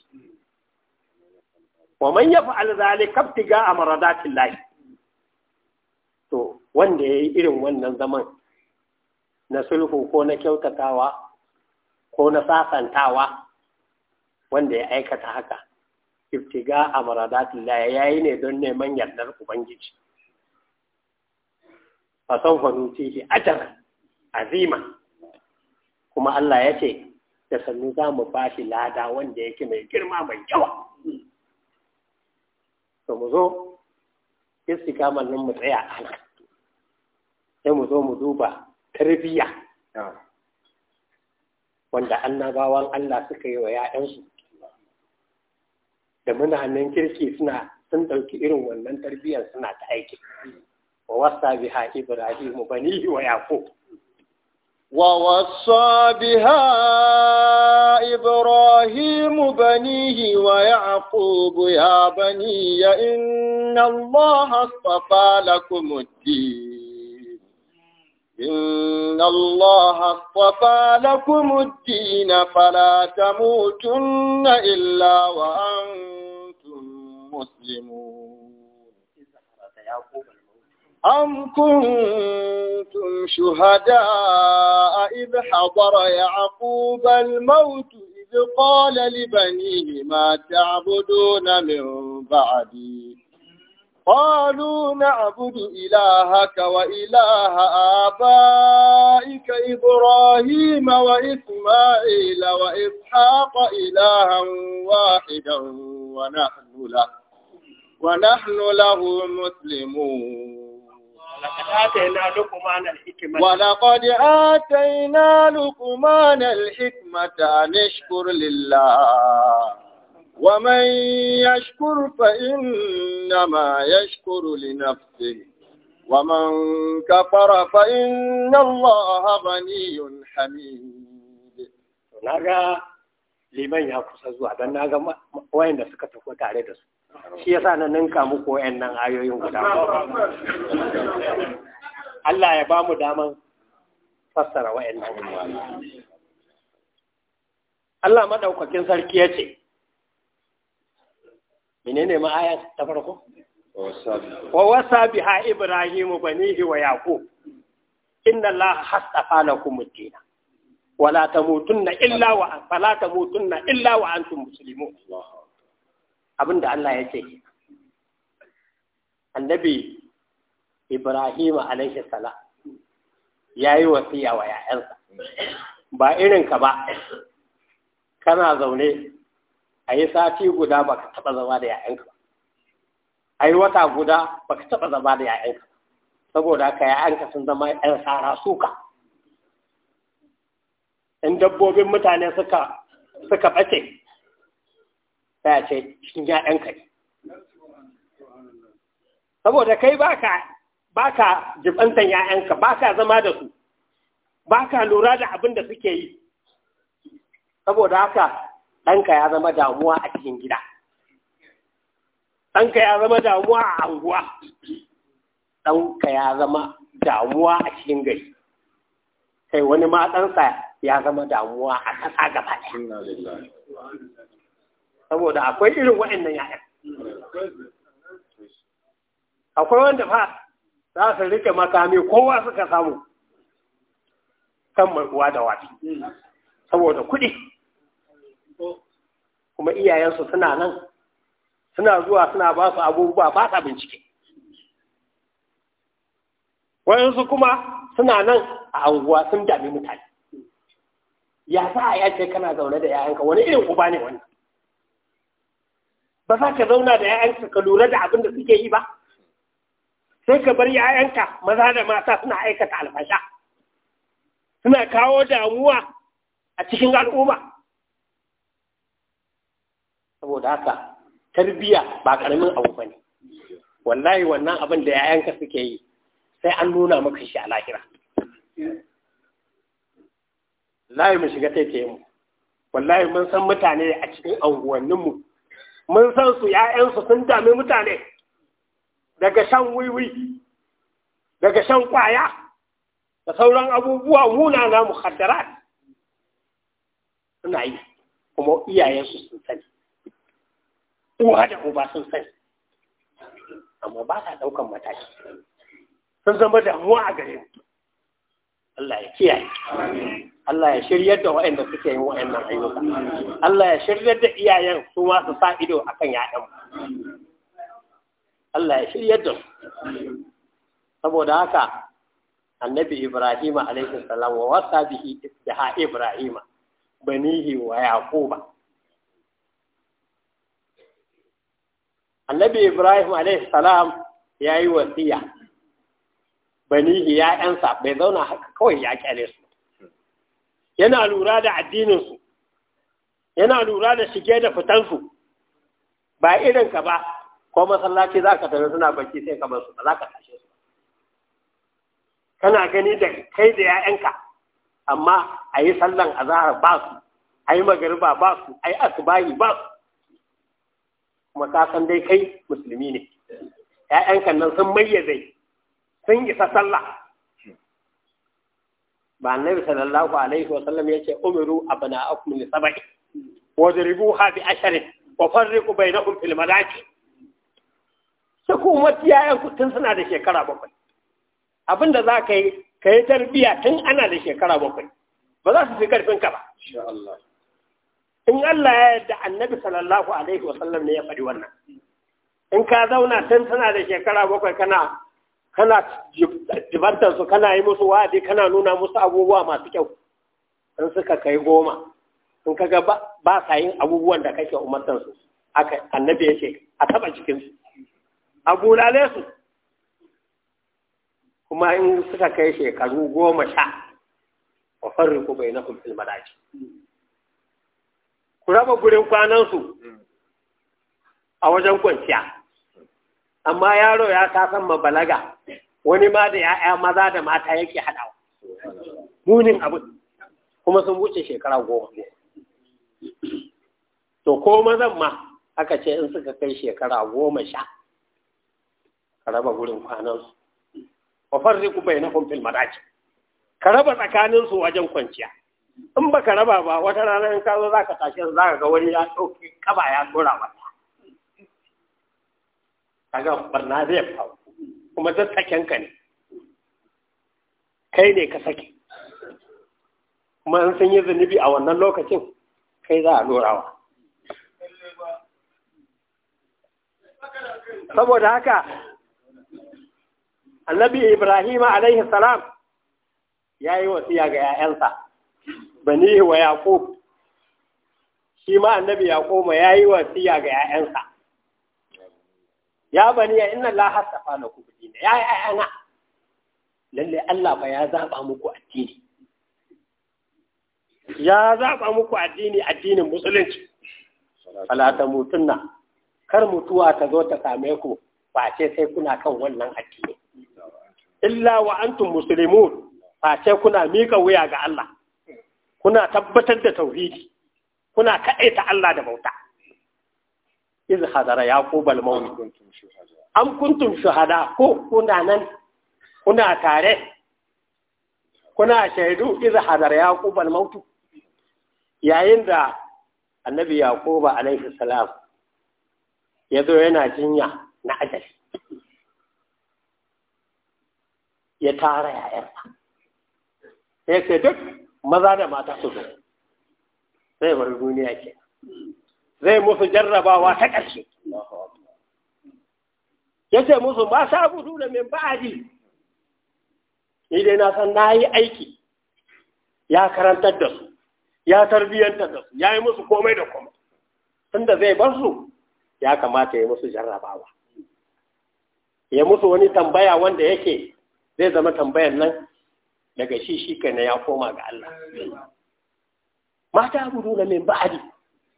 wa man yaf'al zalika ibtiga amradatil to wanda ya yi irin wannan zaman na sulhu ko na kyautatawa ko na sasantawa wanda ya aikata haka ibtiga amradatil ya yayi ne don neman yardar ubangiji fa sawfa nutihi ajran azima kuma Allah ya ce da sannu za mu ba lada wanda yake mai girma mai yawa to mu zo istikamar nan mu tsaya a nan sai mu zo mu duba tarbiyya wanda annabawan Allah suka yi wa ‘ya'yansu da muna nan kirki suna sun ɗauki irin wannan tarbiyyar suna ta aiki wa wasa biha ibrahimu banihi wa yaqub ووصى بها إبراهيم بنيه ويعقوب يا بني إن الله اصطفى لكم الدين إن الله اصطفى لكم الدين فلا تموتن إلا وأنتم مسلمون أم كنتم شهداء إذ حضر يعقوب الموت إذ قال لبنيه ما تعبدون من بعدي قالوا نعبد إلهك وإله آبائك إبراهيم وإسماعيل وإسحاق إلها واحدا ونحن له ونحن له مسلمون ولقد آتينا لقمان الحكمة أن اشكر لله ومن يشكر فإنما يشكر لنفسه ومن كفر فإن الله غني حميد naga liman ya kusa وين don naga wayanda shi yasa na ninka muku wayannan ayoyin guda Allah ya ba mu daman fassara wayannan Allah madaukakin sarki ya ce menene ma aya ta farko wa wasa ha ibrahimu banihi wa yaqub inna allaha hastafa lakum ad-din wa tamutunna illa wa fala illa wa antum muslimun abin da Allah ya ce annabi Ibrahim alaihi Sala ya yi wasiya wa ‘ya'yansa ba irin ka ba kana zaune a yi sati guda ba ka taɓa zama da ‘ya'yanka ba a yi wata guda ba ka taɓa zama da ‘ya'yanka saboda ka ‘ya'yanka sun zama ‘yan sara suka in dabbobin mutane suka suka ɓace sai ce cikin ƴaƴanka kai, saboda kai baka jibantar ya'yanka ƴaƴanka baka zama da su baka lura da abin da suke yi saboda haka ɗanka ya zama damuwa a cikin gida ɗanka ya zama damuwa a anguwa ɗanka ya zama damuwa a cikin gari kai wani ma ya zama damuwa a ƙasa gaba ɗaya saboda akwai irin waɗannan ya'yan akwai wanda fa za su rike makami kowa suka samu kan mai uwa da wata, saboda kuɗi kuma iyayensu suna nan suna zuwa suna ba su abubuwa ba ta bincike wayansu kuma suna nan a anguwa sun dami mutane ya sa a yace kana zaune da yayanka wani irin uba ne wani ba za ka zauna da 'ya'yanka ka lura da abin da suke yi ba sai ka bar 'ya'yanka maza da mata suna aikata alfasha suna kawo damuwa a cikin al'umma saboda haka tarbiya ba karamin abu ba ne wallahi wannan abin da 'ya'yanka suke yi sai an nuna maka shi a lahira layi mu shiga taitayenmu, wallahi mun san mutane a cikin anguwanninmu mun san su ‘ya'yansu sun dami mutane daga shan wiwi, daga shan kwaya, da sauran abubuwa munana muhaddarat suna yi, kuma iyayensu sun sani, uwa da uba sun sani, amma ba sa ɗaukan mataki, sun zama damuwa a gare mu. Allah ya kiyaye Allah ya shiryar da waɗanda suke yin waɗannan ayyuka Allah ya shiryar da iyayen su ma su sa ido a kan yaɗan Allah ya shiryar da su saboda haka annabi Ibrahim alaihi salam wa wasa bihi ha Ibrahim banihi wa yaquba annabi Ibrahim alaihi salam yi wasiya banihi ya'yansa bai zauna haka kawai ya kyale su yana lura da addininsu yana lura da shige da fitansu ba irinka ba ko masallaci za ka tare suna baki sai ka bar su ba za ka tashe su kana gani da kai da 'ya'yanka amma a yi sallan azahar ba su a yi magariba ba su a yi asubahi ba su kuma ka san dai kai musulmi ne 'ya'yankan nan sun mayyaze sun isa sallah ba annabi sallallahu alaihi wa sallam yace umiru abna'akum li sab'i wadribuha bi ashrin wa farriqu bainahum fil madaki sai ku umarci yayan ku tun suna da shekara bakwai abinda za ka yi ka yi tarbiya tun ana da shekara bakwai ba za su fi karfin ka ba in Allah ya yarda annabi sallallahu alaihi wa sallam ne ya faɗi wannan in ka zauna tun suna da shekara bakwai kana kana jibantar su kana yi musu wa'adi kana nuna musu abubuwa masu kyau in suka kai goma in kaga ba sa yin abubuwan da kake umartar su aka annabi ya ce a taba cikin su a bulale su kuma in suka kai shekaru goma sha a farin ku bai na fil madaji ku raba gurin kwanan su a wajen kwanciya amma yaro ya kasan mabalaga wani ma da ya'ya maza da mata yake haɗawa munin abin kuma sun wuce shekara goma to ko mazan ma aka ce in suka kai shekara goma sha ka raba gurin kwanansu wa bai na kumfil madaji ka raba tsakaninsu wajen kwanciya in ba ka raba ba wata rana in ka zo za ka tashi za ka ga wani ya ɗauki kaba ya tura ba kaga barna zai faru kuma duk ka ne kai ne ka sake kuma in sun yi zunubi a wannan lokacin kai za a lorawa saboda haka annabi ibrahim alaihi salam ya yi wasiya ga 'ya'yansa bani wa yaqub shi ma annabi yaqub ya yi wasiya ga 'ya'yansa ya bani ya inna la hasafa na ku dina ya ya ana lalle Allah fa ya zaba muku addini ya zaba muku addini addinin musulunci fala ta mutunna kar mutuwa ta zo ta same ku ba ce sai kuna kan wannan addini illa wa antum muslimun ba ce kuna mika wuya ga Allah kuna tabbatar da tauhidi kuna kaɗaita Allah da bauta iz hadara ya kubal maut an kuntum shuhada ko kuna nan kuna tare kuna shaidu iz hadara ya kubal maut yayin da annabi yaqub alaihi salam ya zo yana jinya na ajali ya tara ya'yansa ya ce duk maza da mata su zo sai bar duniya ke zai musu jarrabawa ta ƙarshe ya ce musu ba sa gudu da min ba'adi ni dai na san na yi aiki ya karantar da su ya tarbiyyantar da su ya yi musu komai da komai tunda zai bar su ya kamata ya musu jarrabawa ya musu wani tambaya wanda yake zai zama tambayan nan daga shi shi kai na ya koma ga Allah mata gudu da min ba'adi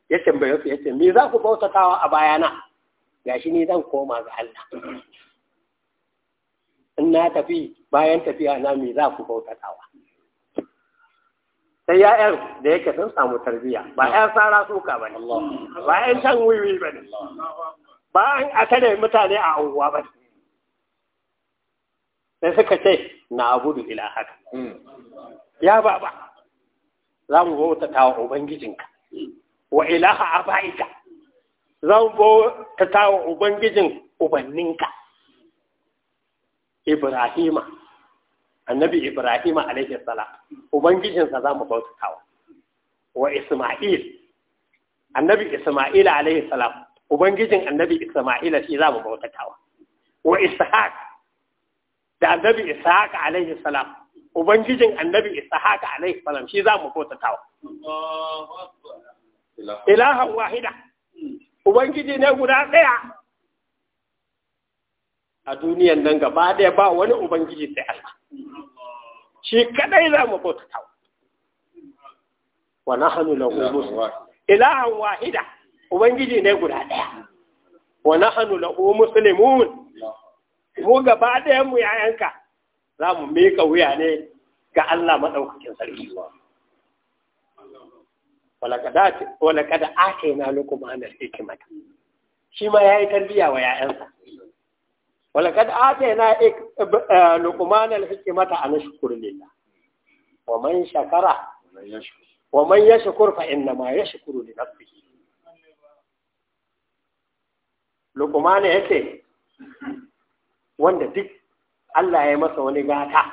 ya tambaye su ya ce me za ku bautatawa a bayana gashi ni zan koma ga Allah in na tafi bayan tafiya na me za ku bautatawa sai ya'yan da yake sun samu tarbiyya ba ya sara suka ba ne ba ya can wiwi ba ne ba an a tare mutane a unguwa ba ne sai suka ce na abudu ila haka hmm. ya baba za mu bautata wa ubangijinka wa ilaha aba'ika zan ta tawo ubangijin ubanninka ibrahima annabi ibrahima alaihi salam ubangijinsa za mu tawo wa isma'il annabi isma'il alaihi salam ubangijin annabi isma'il shi za mu tawo wa ishaq da annabi ishaq alaihi salam ubangijin annabi ishaq alaihi salam shi za mu bautatawa ilahan wahida ubangiji ne guda ɗaya a duniyan nan gaba ɗaya ba wani ubangiji sai Allah shi kadai za mu bauta wa nahnu lahu muslimun ilahan wahida ubangiji ne guda ɗaya wa nahnu lahu muslimun mu gaba ɗaya mu yayanka za mu miƙa wuya ne ga Allah madaukakin sarki wala kada ake na lukumanar hikimata shi ma ya yi tarbiya wa ‘ya'yansa wala kada ake na eh, lukumanar hikimata a na shukuru ta wa man shakara wa man ya shukuru fa'in na ma ya shukuru ne nafi lukumana ya ce wanda duk Allah ya masa wani gata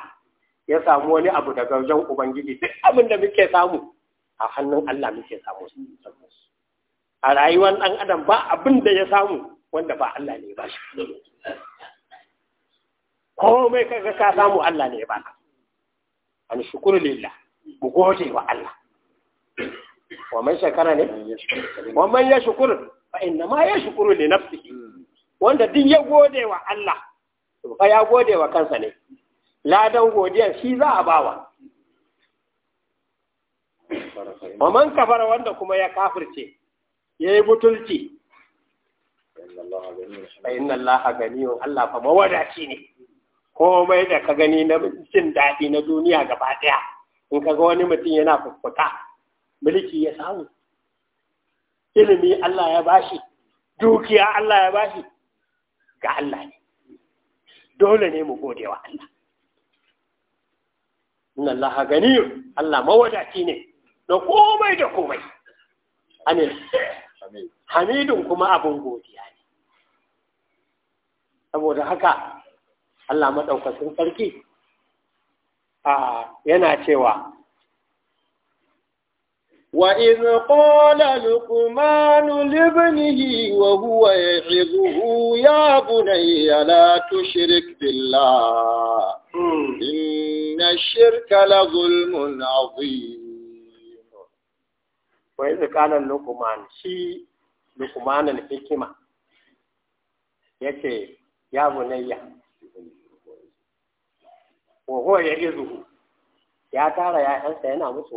ya samu wani abu daga wajen Ubangiji duk abin da muke samu a hannun Allah muke samu su a rayuwar ɗan adam ba abin da ya samu wanda ba Allah ne ba shi komai kaga ka samu Allah ne ba ka an shukuru lillah mu gode wa Allah wa mai shakara ne wa mai ya shukuru fa inna ma ya shukuru li nafsihi wanda din ya gode wa Allah to fa ya gode wa kansa ne ladan godiya shi za a bawa Maman man kafara wanda kuma ya kafirce yi butulci fa inna gani ganiyun allah fa mawadaci ne komai da ka gani na jin daɗi na duniya gaba ɗaya in ka ga wani mutum yana fuffuta mulki ya samu ilimi Allah ya bashi dukiya Allah ya bashi ga Allah ne dole ne mu gode wa Allah inna Allah ganiyun Allah mawadaci ne da komai da komai. Amin. Hamidun kuma abin godiya ne. Saboda haka, Allah maɗaukacin sarki, a yana cewa, Wa izu ƙola lukumanu libanihi wa huwa ya ƙi zuhu ya bu na yi ala shirik billa, hmm. ina shirka la zulmun azim. Wai tsakanin qala luqman shi luqman hikima yace ya bunayya wa huwa ya'izuhu ya tara ya'yansa yana musu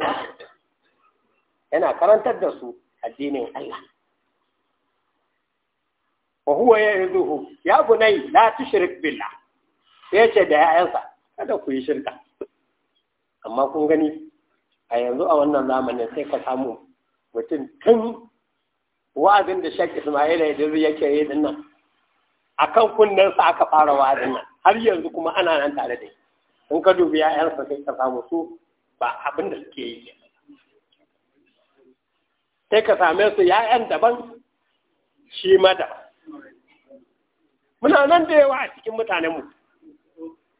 yana karantar da su addinin Allah wa huwa ya'izuhu ya bunayya la tushrik billah yace da ya'yansa kada ku yi shirka amma kun gani a yanzu a wannan zamanin sai ka samu mutum tun wa'azin da shek ismaila ya dirri yake yi din nan a kan sa aka fara wa'azin nan har yanzu kuma ana nan tare da in ka dubi ya'yansa sai ka samu su ba abin da suke yi ke sai ka same su ya'yan daban shi ma daban muna nan da yawa a cikin mutanenmu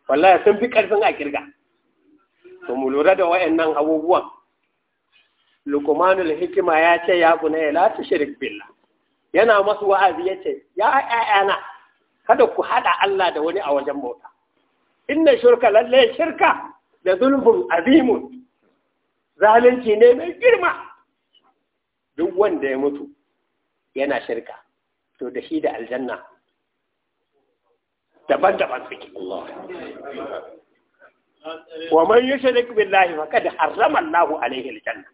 wallahi sun fi ƙarfin a kirga to mu lura da wa'annan abubuwan luqmanul hikima ya ce ya bunayya la tushrik billah yana masu wa'azi ya ce ya ƴaƴana kada ku haɗa Allah da wani a wajen bauta inna shirka lalle shirka da zulmun azimun zalunci ne mai girma duk wanda ya mutu yana shirka to da shi da aljanna daban-daban suke wa man yushrik billahi faqad harrama Allahu alaihi aljanna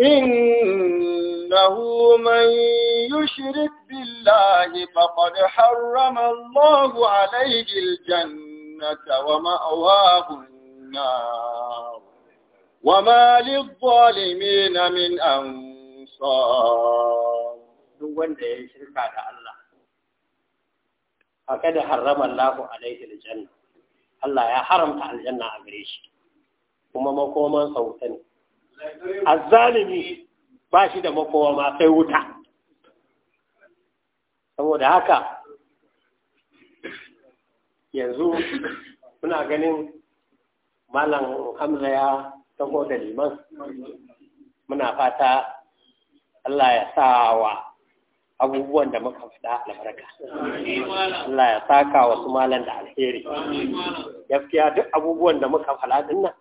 إنه من يشرك بالله فقد حرم الله عليه الجنة ومأواه النار وما للظالمين من أنصار دون يشرك على الله فقد حرم الله عليه الجنة الله يا حرمت على الجنة أبريش وما مقوما صوتني azzalimi ba shi da makowa ma sai wuta saboda haka yanzu muna ganin malam hamza ya taho da liman muna fata Allah ya sa wa abubuwan da muka fada albarka Allah ya saka wasu malam da alheri gaskiya duk abubuwan da muka faɗa dinnan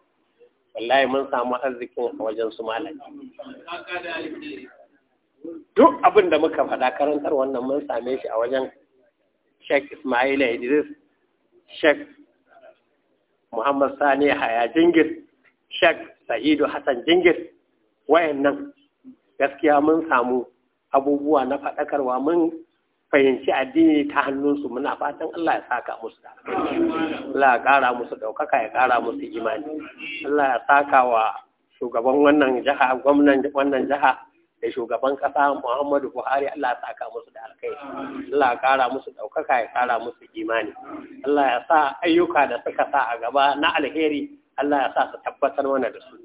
wallahi mun samu arzikin a wajen su malami duk abin da muka faɗa karantar wannan mun same shi a wajen Sheikh Ismail Idris Sheikh Muhammad Sani Haya Jingir Sheikh Sa'idu Hassan Jingir wayannan gaskiya mun samu abubuwa na faɗakarwa mun fahimci addini ta hannunsu muna fatan Allah ya saka musu da Allah ya ƙara musu ɗaukaka ya ƙara musu imani Allah ya saka wa shugaban wannan jiha gwamnan wannan jiha da shugaban ƙasa Muhammadu Buhari Allah ya saka musu da alkai Allah ya ƙara musu ɗaukaka ya ƙara musu imani Allah ya sa ayyuka da suka sa a gaba na alheri Allah ya sa su tabbatar mana da su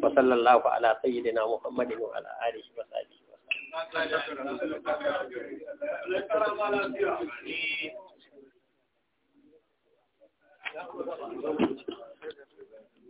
wa sallallahu ala sayyidina Muhammadin wa ala alihi wa sahbihi Thank you.